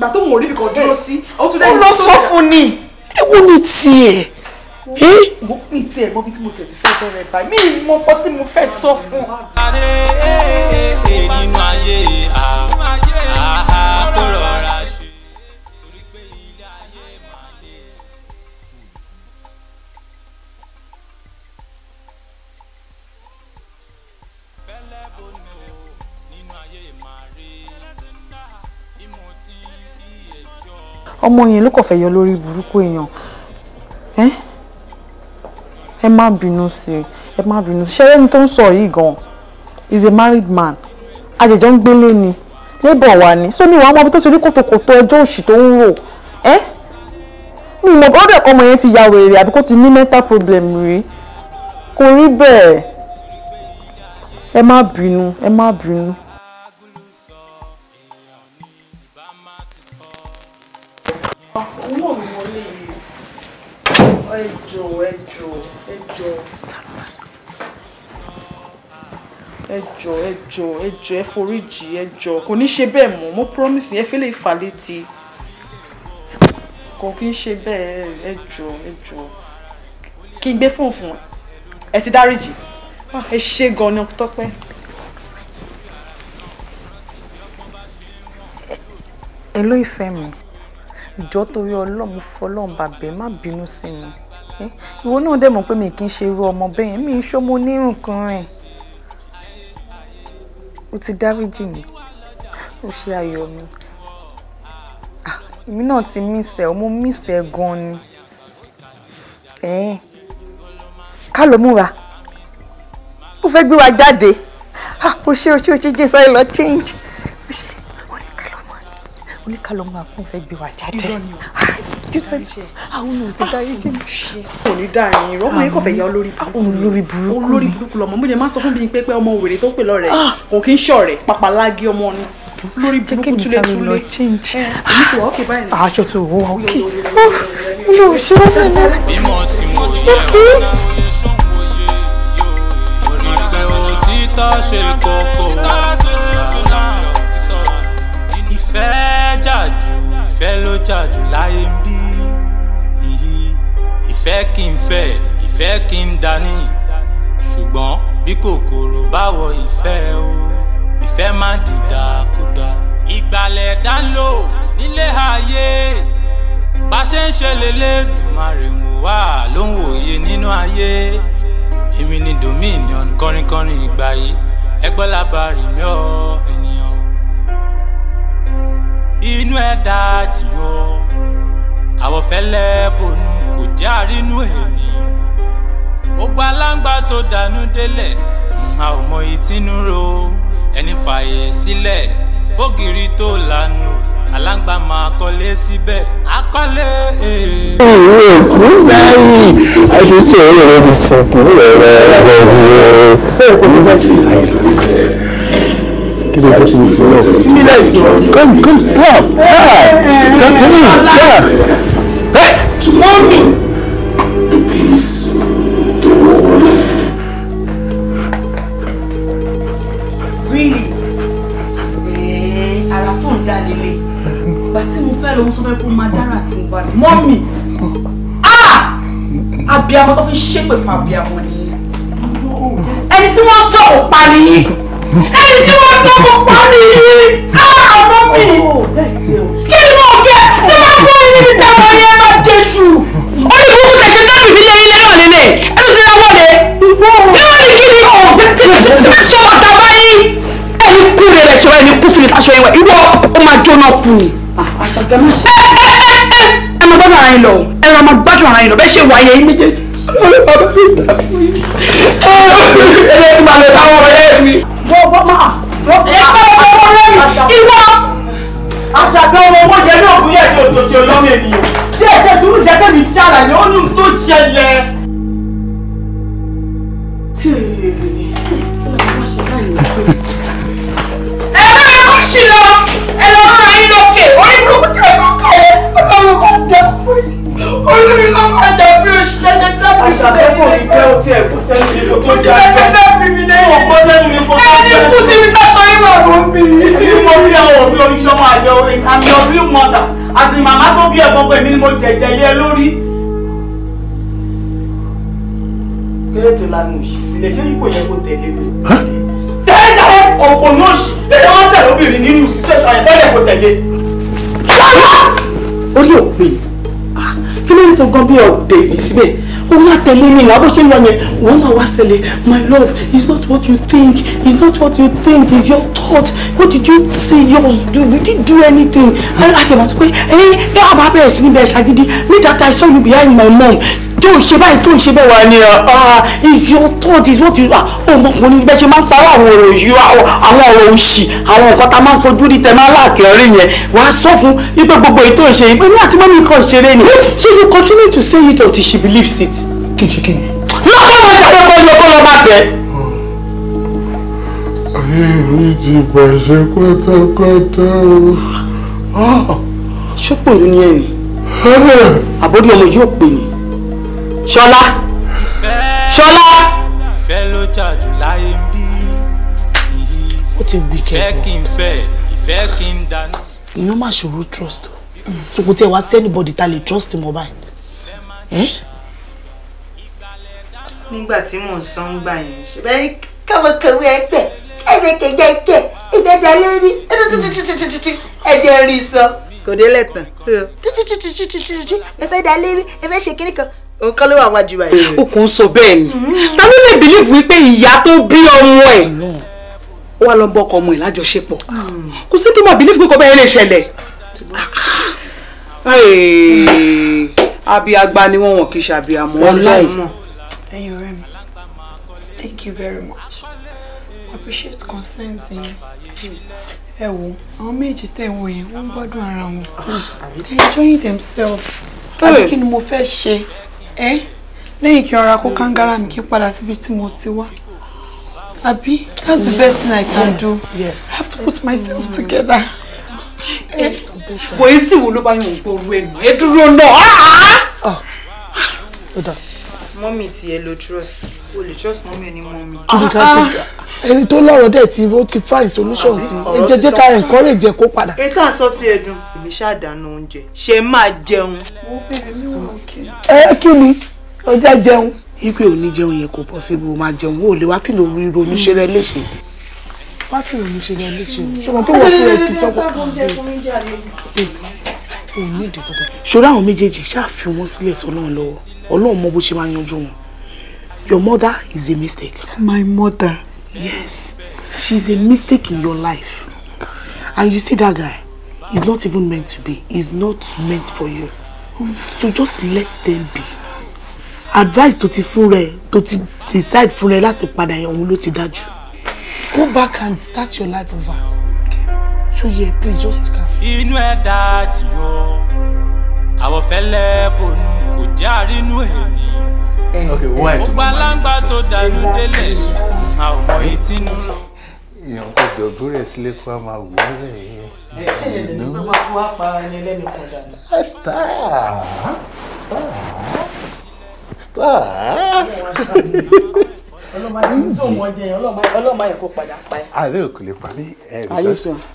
Speaker 4: gbà tó mò ń rí ibì kan dúró sí. ó lọ sọ fún ni ewu ni tiẹ̀. Eh? mi tiẹ̀ mọ bí tí mo tẹ̀tí fẹ́ bẹ̀rẹ̀ báyìí mi mọ pọ́ tí mo fẹ́ sọ fún. adé eh, eh, nínú
Speaker 1: ayé a. Ah.
Speaker 4: ọmọ yẹn ló kàn fẹ́ yọ lórí burúkú èèyàn ẹ má bínú sí ẹ má bínú sí ṣẹ́rẹ́ni tó ń sọ yìí gan is a married man àjẹjọ́ ń gbélé ni labour wa ni so mi wàá mọ ibi tó ti rí kòtòkòtò ọjọ́ òṣì tó ń rò ẹ́ mi mọ̀ bọ́dọ̀ ẹ̀kọ́ ọmọ yẹn ti ya wèrè àbí kó ti ní mental problem rí kò rí bẹ́ẹ̀ ẹ má bínú ẹ má bínú. ẹ jọ̀ọ́ ẹ jọ̀ọ́ ẹ jọ̀ọ́ ẹ jọ̀ọ́ ẹ jọ̀ọ́ ẹ jọ̀ọ́ ẹ foríjì ẹ jọ̀ọ́ kò ní ṣe bẹ́ẹ̀ mọ́ mo promise ẹ fẹ́lẹ́ ìfà létí kò kí ń ṣe bẹ́ẹ̀ ẹ jọ̀ọ́ ẹ jọ̀ọ́ kí n gbé fóònù fún ẹ ti dáríjì ah, ẹ ṣe gan-an ni tọ́pẹ́. èló ìfẹ́ mi ìjọ torí ọlọ́run fọlọ́run bàbẹ́ má bínú sí mi ìwọ náà dẹ̀ mọ̀ pé mi kì í ṣe irú ọmọ bẹ́ẹ̀ mi ń ṣọmọ onírùn kan rìn o ti dáríjì mi o ṣe ayọ̀ mi ah, èmi náà ti mísẹ̀ ọmọ mísẹ̀ gan ni ká ló múra ó fẹ́ gbé wa jáde ó ṣe ó ṣe ó ṣe jẹ́ sáré lọ change oníkàlọ́ máa fẹ́ gbé wa jáde àwọn ò ti dá yín jẹ́ kò ní dá yín irọ́ ọmọ kò fẹ́ ya olórí burúkú olórí burúkú olórí burúkú lọmọ mo jẹ máa sọ fún mi pé pé ọmọ wèrè tó pè lọ́rẹ̀ kò kí ń ṣọ̀rẹ́ papalági ọmọ ni lórí burúkú túlẹ̀ túlẹ̀ èmi sì wà ókè báyìí. aṣọ tó wọ ókè mi ò ṣe wọ́n fẹ́ mi.
Speaker 1: ókè. ìfẹ́ ló jà jù láyé ń bí iyì ìfẹ́ kí n fẹ́ ìfẹ́ kí n dání ṣùgbọ́n bí kòkòrò bá wọ ìfẹ́ o ìfẹ́ má dìda kódà. ìgbàlẹ̀ dá lò nílé ayé bá ṣe ń ṣe lélẹ́dùnmarè wò wá ló ń wòye nínú ayé èmi ni dominion kọrinkọrin ìgbà yìí ẹgbẹ́ lábàárí mi ọ́ ẹ̀yìn inú ẹ̀ dáàdì o àwọ̀fẹ́lẹ́ bonú kò jẹ́ àrínú ènìyàn gbogbo aláǹgbá tó dànù délẹ̀ a ò mọ ìtinú ro ẹni fààyè sílẹ̀ fógìrì tó lanu aláǹgbá máa kọ́lé síbẹ̀
Speaker 2: akọ́lé. ìwé òkú báyìí àti tí òun yẹn fi fọkùn rẹ̀ rẹ̀ rẹ̀ rẹ̀ rẹ̀ rẹ̀ rẹ̀ rẹ̀ rẹ̀ rẹ̀ rẹ̀ Give me just a little floor. Come, come, stop. Come to me, Hey, mommy. The peace, the
Speaker 4: Really? Eh, ara tó ń dá lélẹ̀. Ìgbà tí mo fẹ́ lóhun sọ fẹ́ kó máa dára Ah! Abiyamọ tó fi ṣépè fún abiyamọ nìyẹn. Ẹni tí wọ́n sọ̀rọ̀ pa nìyẹn ẹni tí wọ́n sọ fún pọ́nì yìí àmọ́ mi kí
Speaker 2: ni mo kẹ́ tí wọ́n bọ́ yín níta wọ́n yẹn máa jẹ́sù. ó ní kókó tẹ̀sí dábì fi lé ilé náà nílé ẹ tó ti lọ́wọ́ lé. bẹ́ẹ̀ ni kí ni
Speaker 4: ọ̀gbẹ́ sọ bàtà báyìí. ẹni kú rẹ̀ rẹ̀ sọ̀rọ̀ ẹni kú fún mi aṣọ yẹn wá irú ó máa jóná kú ni. ẹ máa gbádùn ara yín lọ ẹ máa gbádùn ara yín lọ bẹ́ẹ̀ ṣe wáyé yín méjèèjì. ọlọ́run bàbá mi dà fún yín. ẹ lè máa lọ bá wọn ọ̀rẹ́ mi wọ́n máa wọ́n máa wọ́n máa lẹ́yìn ìwọ. àṣàgbẹ́ ọmọ owó jẹ ní òkúlẹ̀ ní òtòṣe ọlọ́mọ ènìyàn tí ẹ̀ṣẹ̀ sùúrù jẹ́ kẹ́mi ṣàlàyé ó ní ohun tó ṣẹlẹ̀. olórí ló máa jà bí oṣù lẹ́sẹ̀ tábìlì. àṣàkókò mi jẹ́ ọtí ẹ̀kọ́ tẹ́lẹ̀ mi tó jà bẹ́ẹ̀. oṣù lẹ́sẹ̀ tábìlì mi lẹ́yìn. ọ̀pọ̀ tẹ́lẹ̀ mi kò tó bẹ́ẹ̀. ẹni kú síbi tọ́tọ́ ìwà ló ń bí.
Speaker 2: èmi mo bí ẹwọ bí
Speaker 4: oníṣọ́ máa yọ àmì ọ̀bí mọ̀tà àti màmá tó bí ẹ̀kọ́ pé mi ni mo jẹ̀jẹ̀ yẹ lórí. kérèké lanu òṣìṣẹ́ ṣé ipò yẹn kò tẹ̀lé mi. tẹ́lẹ̀ ọ̀pọ̀ ní òṣì tẹ́lẹ̀ wọ́n tẹ̀lé obìnrin nínú sísẹ́sọ àyẹ̀bọ́lẹ̀ kò tẹ̀lé. orí òpin kí ló dé tó gan bí ọ̀dẹ ibi síbẹ̀ òun àtẹ̀lé mi làbó ṣe ń lọ yẹn wọn náà wá ṣẹlẹ̀ my love is not what you think is not what you think is your thought what did you see? your do we did do anything. akẹ́bàá tó pé ẹ ẹ àbá bẹ̀rẹ̀ sí ní bẹ̀rẹ̀ ṣàgídí me that I saw you behind my mom tó ṣe báyìí tó ń ṣe bẹ́ẹ̀ wá ni ah, ah, is your thought is what you ó ah, oh, mọ bẹ́ẹ̀ ṣe máa ń farọ́ àwọn ọ̀rọ̀ yìí oh, àwọn ọ̀rọ̀ òṣì àwọn nǹkan tá a máa ń fojú rí tẹ máa láàkẹ́rì yẹn wà sọ fún ipe gbogbo ètò ìṣe yìí pẹ̀lú àti mọ́mí kan ṣeré ni so you continue to say it until she believes it. kí n ṣe kí ni.
Speaker 2: lọ́kọ̀ọ́ ọjà pé kó lọ kó lọ má bẹ́ẹ̀.
Speaker 4: ayé mi ti bàjẹ́ pátápátá o. ṣọ́pọ̀ ló ní ẹ̀yìn àbórí ọmọ yóò pè ní ṣọlá
Speaker 2: ṣọlá.
Speaker 1: ìfẹ́ ló jà jù láyé ń bí
Speaker 4: yìí. ó ti wí
Speaker 1: kẹ́kọ̀ọ́. ìfẹ́ kí n fẹ́ ìfẹ́ kí n dáná.
Speaker 4: èèyàn máa ṣòro trust o so kò tiẹ̀ wá sí anybody ta lè trust mọ́ báyìí. nígbà tí mò ń sọ ń gbà yẹn ṣe bẹ́ẹ̀ kọ́mọkọ́mọ ẹgbẹ́ ẹgbẹ́kẹ̀jẹ̀kẹ̀ ìgbẹ́jà lórí ẹjẹ́ rí sọ kò délẹ̀ tán ẹ fẹ́ dá lérí ẹ fẹ́ ṣe kíní kan nǹkan ló wà wájú wa yìí. o kò ń sọ bẹ́ẹ̀ ni ta lè bìlíìfù wípé ìyá tó bí ọmọ ẹ̀ wà lọ bọ́ ọkọ ọmọ ẹ̀ lájọṣepọ̀ hmm. kò sí tó máa bìlíìfù pé bẹ́ẹ̀ lè ṣẹlẹ̀ hmm. abiagba ni wọn wọn kì í ṣe abiamọ ọláì ẹ̀yin ọ̀rẹ́ mi thank you very much I appreciate concerns yín ẹ wo àwọn méjì tẹ wo yẹn wọ́n gbádùn ara wọn ah, they enjoying themselves eh. kí ni mo fẹ́ ṣe. Eh, lẹ́yìn kí ọra kó kángárà mi kí n padà síbi tí mo ti wá àbí that's the best thing I can do yes. I have to put myself together. bòye sì wo ló bá yàn gbòòrò ẹnu ẹ dúró náà. Ah, ah. Ah. mọ́mì tiẹ̀ lo trust o lè trust mọ́mí ẹni mọ́mí. ẹni tó lọ́rọ̀ dẹ̀ tí ó ti find solution sí ẹ jẹ́ jẹ́ ká encourage ẹ kó padà. ẹ ká sọ ti ẹdun èmi ṣàdánù oúnjẹ ṣe máa jẹun. ẹ kí ni ọjà jẹun. ipe ò ní jẹun yẹn kò possible máa jẹun o lè wá fìlò ronú ṣe rẹ léṣe wá fìlò ronú ṣe rẹ léṣe ṣùgbọ́n kí wọ́n fún ẹ ti sọ́kọ̀ òun ní ìdìbò tó ṣòro àwọn méjèèjì ṣáà fi wọn sílẹ̀ sọ́lọ́run lọ́wọ́ ọlọ́run mọ bó ṣe máa yanjú wọn. Your mother is a mistake. My mother? Yes. She's a mistake in your life. And you see that guy? He's not even meant to be. He's not meant for you. So just let them be. Advice to ti to decide for rẹ láti padà yẹn òun ló ti Go back and start your life over. So yeah, please just come.
Speaker 1: Inú ẹ̀ dájú
Speaker 3: ògbàlágbà
Speaker 1: tó dànù délẹ̀ a ò mọ ìtinú lọ.
Speaker 3: èèyàn kò dọ̀bú rẹ̀ sílé kó a máa wò ó rẹ̀ yẹn. ẹ ṣe lè
Speaker 4: ní pé máa fún wa ẹni ẹlẹ́ni kan dànù.
Speaker 2: star star star. Are you kò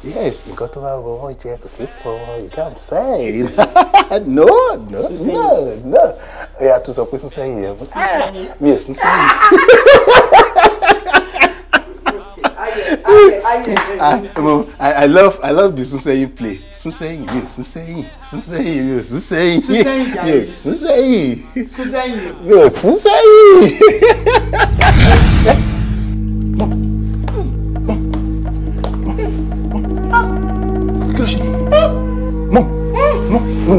Speaker 3: yes nǹkan tó bá wọ wọn you can't say no no no no ẹ̀yà tó sọ pé sún sẹ́yìn Yes, mi ò I I love I love the Sunseyin play. Sunseyin mi o Sunseyin Sunseyin mi o Sunseyin mi o Sunseyin mi o Sunseyin.
Speaker 2: Mọ mọ mọ mọ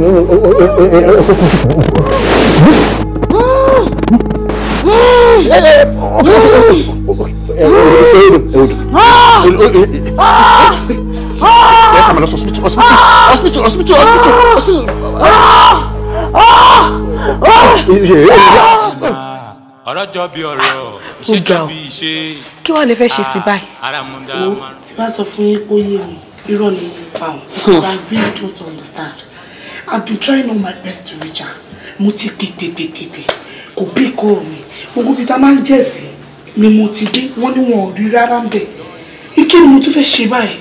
Speaker 2: mọ mọ mọ mọ hospital
Speaker 4: hospital hospital hospital hospital.
Speaker 1: ọ̀rọ̀ jọ bí ọ̀rọ̀ iṣẹ́ jọ bí iṣẹ́.
Speaker 4: kí wàá lè fẹ́ ṣe sí báyìí. mo ti bá sọ fún yín kó yé mi irọ́ ni mo pa ọ́ because I really don't understand I've been trying all my best to reach her mo ti pè pè pè pè pè kò bí kọ́ mi gbogbo ibi tá a máa ń jẹ́ sí i ni mo ti dé wọ́n ní wọn ò rí rárá ń bẹ̀ ike ni mo tún fẹ́ ṣe báyìí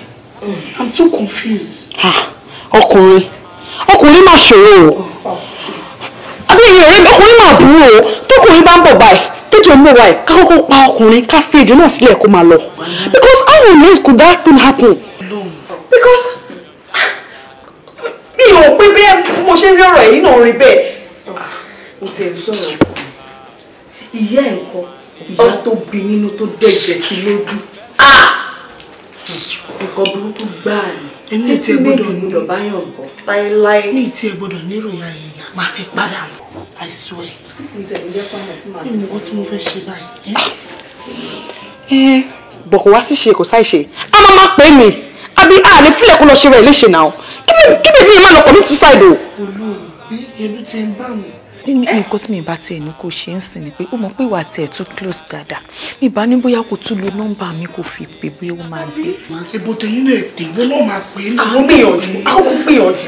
Speaker 4: i'm so confused. ọkùnrin ọkùnrin máa ṣòro o abẹ́yẹ ọ̀rẹ́ ọkùnrin máa burú o tọkùnrin bá ń bọ̀ báyìí tẹ́jọ́ ń bọ̀ báyìí ká kọ́kọ́ pa ọkùnrin ká fi ìdí náà sílẹ̀ kó máa lọ because how on earth could that thing happen because mi ò pé bẹ́ẹ̀ mo ṣe rí ọ̀rọ̀ ẹ̀yìn náà rí bẹ́ẹ̀. ìyá ẹ̀ nǹkan ìyá tó bí nínú tó dẹ̀jẹ̀ sí lójú nǹkan burúkú gbáà ni ẹni tí ẹ gbọ́dọ̀ gbọ́dọ̀ báyọ̀ bọ̀ láéláé ní ìtí ẹ gbọ́dọ̀ níròyìn ayẹyẹ máa ti padà mọ́ i swear mi tẹ̀lé jẹ́ pàmò tí màá ti mú nǹkan tí mo fẹ́ ṣe báyìí. ẹ bọ̀ kò wá sí ṣe kò sáì ṣe a máa máa pè é mi àbí a lè fílẹ̀ kó lọ ṣe rẹ̀ léṣe náà
Speaker 2: kí bèbí mi máa lọ pọ̀ ní tíṣàìdò. olóòrùn ẹlú ti ń bá mi nǹkan
Speaker 4: tí mi bá tiẹ̀ ní kò ṣe ń sìn ni pé ó mọ̀ pé ìwà tiẹ̀ tún close dáadáa mi bá ní bóyá kò tún lo nọ́mbà mi kò fi pè bóyá ó máa gbé. ibo tẹ̀yìn náà pè wọ́n náà máa pè é náà. àwọn ah, gbìyànjú ah, gbìyànjú.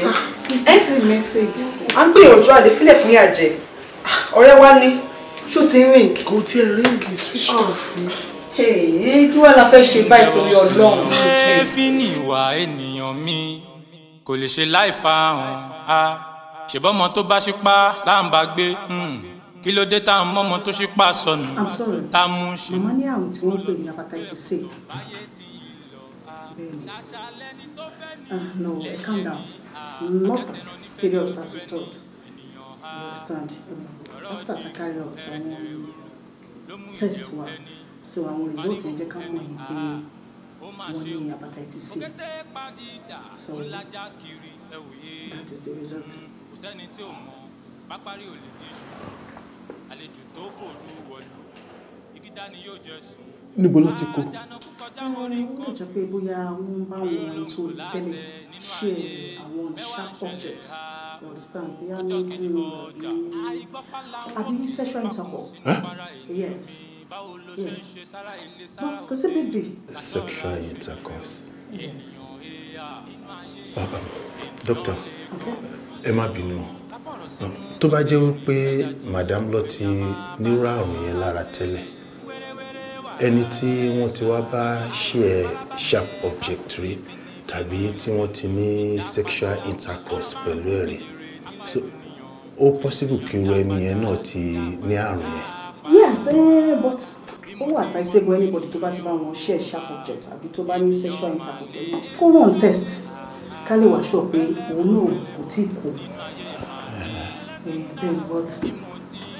Speaker 4: ẹ sì mẹ́sẹ̀gì sí. à ń gbìyànjú fún yà ah, ọ̀rẹ́ wa ní ṣó ti ring. kò tiẹ̀ ring switch off ni kí wọ́n la fẹ́ ṣe báyìí torí ọlọ́run. ẹ fi ní ìwà
Speaker 1: ènìyàn mi kò lè ṣe láì fa hàn á ṣèbọmọ tó bá ṣípá láǹbà gbé hmm, kí ló dé táwọn mọmọ tó ṣípá sọnù
Speaker 4: tá a mú ṣe. màmá ní àrùn tí wọ́n pè ní hepatitis C. Uh, no, eh, calm down. Not as serious as you thought. You understand? Um, after I carry out um, test wa, so àwọn result yẹn jẹ́
Speaker 1: ká mọ̀ ní pé wọ́n ní hepatitis C. So that is the result sẹ́ni tí ò mọ pápárí ò lè díṣu àlejò tó fòru wọ̀lú ìgídá ni yóò jẹ sùn. níbo ló ti kó.
Speaker 4: ó jẹ́ pé bóyá wọ́n bá wọn tó tẹ́lẹ̀ ṣe
Speaker 1: àwọn sharp understand bóyá wọ́n ń lo
Speaker 4: àbí sexual intercourse. yes yes well kò sí big deal.
Speaker 3: sexual intercourse. yes. Uh, um, doctor. Okay ẹ má bínú tó bá jẹ́ wípé madam lọ ti nírú àrùn yẹn lára tẹ́lẹ̀ ẹni tí wọ́n ti wá bá ṣe ẹ̀ sharp object rí tàbí tí wọ́n ti ní sexual intercourse pẹ̀lú ẹ̀ rí so ó possible kí irú ẹni yẹn náà ti ní àrùn
Speaker 4: yẹn. yes eh, but ó wà advisable anybody tó bá ti bá wọn ṣe ẹ̀ sharp object àbí tó bá ní sexual intercourse kó run test ká lè wá sọ pé òun náà kò tí kò bẹ́ẹ̀ bọ́ tí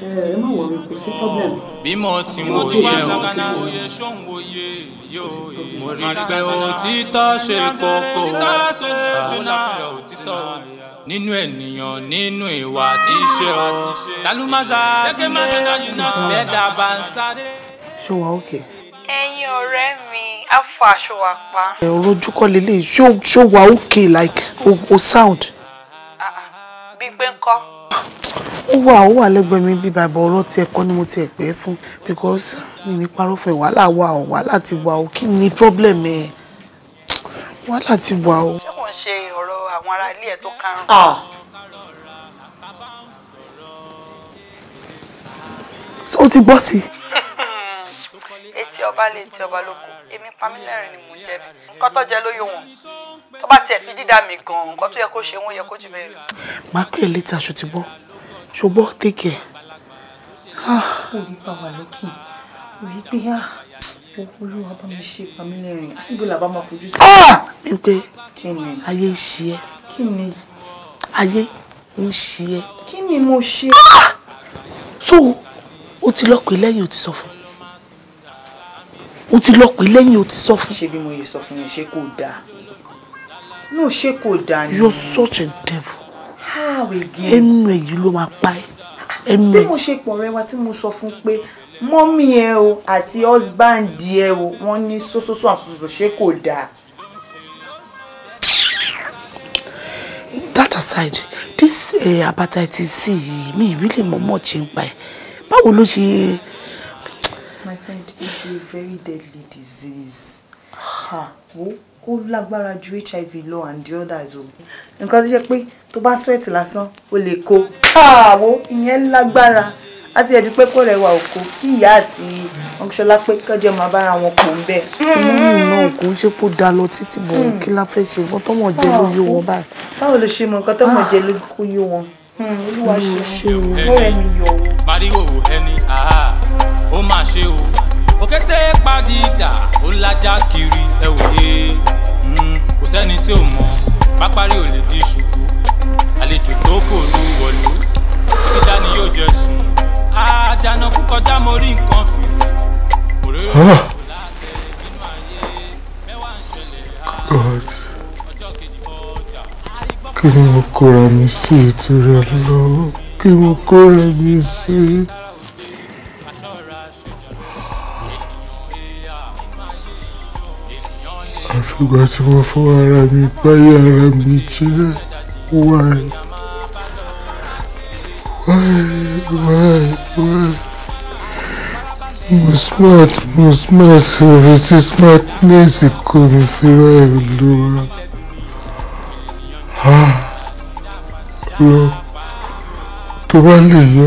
Speaker 1: ẹ má wọ kò sí problem. bímọ tí mo ti yẹ o tí mo yẹ sóhun oyè yóò mo rí pé òtítọ́ ṣe kókó àlàfíà òtítọ́ nínú ènìyàn nínú ìwà àti iṣẹ́ ọ talumasa ti lé bẹ́ẹ̀ dàbà ń sáré.
Speaker 4: ṣé wàá òkè. Okay ẹ̀yin ọ̀rẹ́ mi á fọ aṣọ wa pa. ọ̀rọ̀ ojú kọ́ ṣó wa okay like o, o sound. Ah, ah, bíi pé ń kọ́. ó wà ó wà lẹ́gbẹ̀ẹ́ mi bíi bàbá ọ̀rọ̀ tiẹ̀ kọ́ ni mo tiẹ̀ pẹ́ fún because mi ní parọ́ fún ẹ̀ wàhálà wà ó wàhálà ti wà ó kí ni problem ẹ̀ wàhálà ti wà ó. ṣé kò ń ṣe ọ̀rọ̀ àwọn ará ilé ẹ̀ tó karùn-ún. Ah. ó ti gbọ́ sí etí ọba lé etí ọba lóko èmi pamílẹ́rìn ni mò ń jẹ̀bi nǹkan tó jẹ lóyún wọn tó bá tiẹ̀ fi dídá mi gan nǹkan tó yẹ kó ṣe wọ́n yẹ kó jù bẹ́ẹ̀ lọ. màá pè é létà ṣùtìbọ́ ṣùgbọ́n tèkẹ́. orí ah, bá wà lókè orí pé ah, olúwa bá mi ṣe pamílẹ́rìn ibo ah, làbá máa fojú sí. mi pé ayé ń ṣe ẹ́. ayé ń ṣe ẹ́. kí ni mo ṣe. so o ti lọ pè lẹ́yìn o ti sọ fún un o ti lọ pè lẹ́yìn o ti sọ fún. ṣé bí mo yẹ sọ fún yín ṣé kò dáa no ṣé kò dáa ni. you're such a devil. how again. ẹnu ẹ yìí ló máa pa ẹ. ẹnu ẹ. bí mo ṣe pọ̀ rẹ wa tí mo sọ fún pé mọ́mí ẹ o àti ọ́sbáǹdì ẹ o wọ́n ní sósósó àtúntò ṣé kò dáa. that aside this uh, hepatitis c yìí mi really mọ̀ mọ̀ ṣe ń pa ẹ̀ báwo ló ṣe. She it's a very deadly disease ha wo ó lágbára ju hiv lọ and the others o nǹkan tó jẹ́ pé tó bá sweat lásán ó lè kó wo ìyẹn lágbára àti ẹ̀dùn pé kò rẹwà òkú kí ìyá àti ọ̀ṣọ́lá pé kọjọ́ máa bára wọn pọ̀ ń bẹ̀. tí wọ́n ní iná òkú ń ṣe kó da lọ títí bò ń hmm. kí la fẹ́ ṣe nǹkan tó mọ̀ jẹ́ lóyún wọn báyìí. báwo ló ṣe mọ nǹkan tó mọ̀ ah. jẹ́ lóyún wọn hmm, olúwa hmm, ṣe o mọ́ ẹni
Speaker 1: yọ̀ o. pariwo ẹni ó máa ṣe o òkété padìdà ó lájà kiri ẹ wò yé hmm, kò sẹ́ni tí ò mọ̀ pápárí ò lè di ṣubú àlejò tó fòlú wọlú dídá ni yóò jẹ sùn àjànàkú kọjá mo rí nǹkan fìrí
Speaker 2: òróró kò ah. láàkẹ́ nínú ayé mẹ́wàá ń ṣẹlẹ̀ ha kí ni mo kóra mi sí ìtura lọ kí mo kóra mi sí.
Speaker 3: ṣùgbọ́n tí mo fún ara mi báyìí ara mi jẹ́
Speaker 2: wáyé wáyé wáyé wáyé mo smart mo smart ṣòro tí Ha, kò ní síra ẹ̀ lóra lọ tó bá lè yọ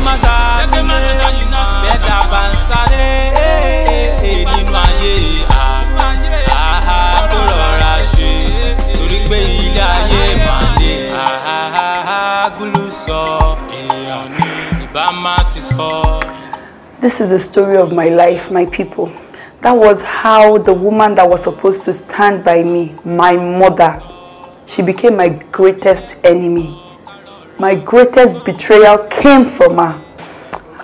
Speaker 4: This is the story of my life, my people. That was how the woman that was supposed to stand by me, my mother, she became my greatest enemy. My greatest betrayal came from her.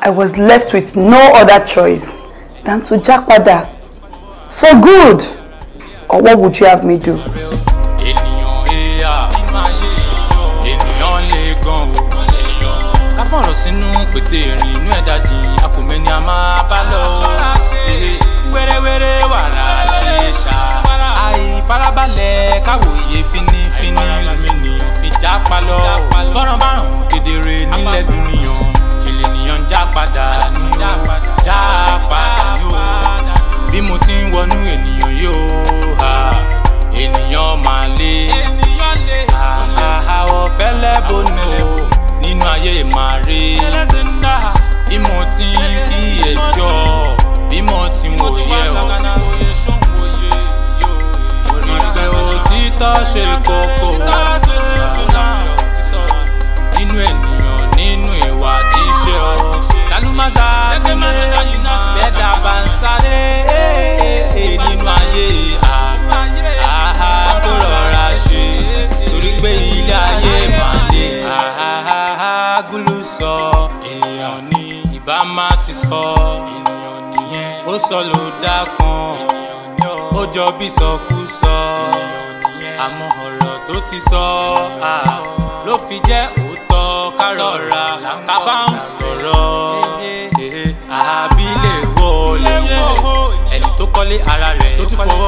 Speaker 4: I was left with no other choice than to mother for good. Or what would you have me do?
Speaker 1: pété rìn inú ẹ̀dá jìn àkùnmẹ́ ni a máa bá lọ. wẹ́rẹ́wẹ́rẹ́ wàrà ṣèṣà àìfarabalẹ̀ káwò iye fínífíní lómìnìyàn fi já palọ̀ bọ́ràn bárùn kedere nílẹ̀ dúnìyàn kìlì nìyàn já padà ní já padà ní o bí mo ti ń wọnú ènìyàn yóò ha ènìyàn máa lé àhàhà ọ̀fẹ́lẹ́ bọ́nú o nínú ayé máa rí bí mo ti ń kíyèsí ọ bí mo ti ń wòye ọ. ìgbẹ́ òtítọ́ ṣe kókó nínú ènìyàn nínú ìwà àti iṣẹ́ ọ. kálùmọ́sá délé bẹ́ẹ̀dá bá ń sáré nínú ayé àhà kó rọra ṣe torí pé ilé ayé máa lé àhà. bá má ti sọ ènìyàn nìyẹn ó sọ ló dá kan ó jọ bí sọkúsọ àmọ́ ọ̀rọ̀ tó ti sọ ló fi jẹ́ òótọ́ kárọ̀ra ká bá
Speaker 2: ń sọ̀rọ̀ àbí lè wọlé ẹni tó kọ́lé ara rẹ̀ tó ti fọwọ́.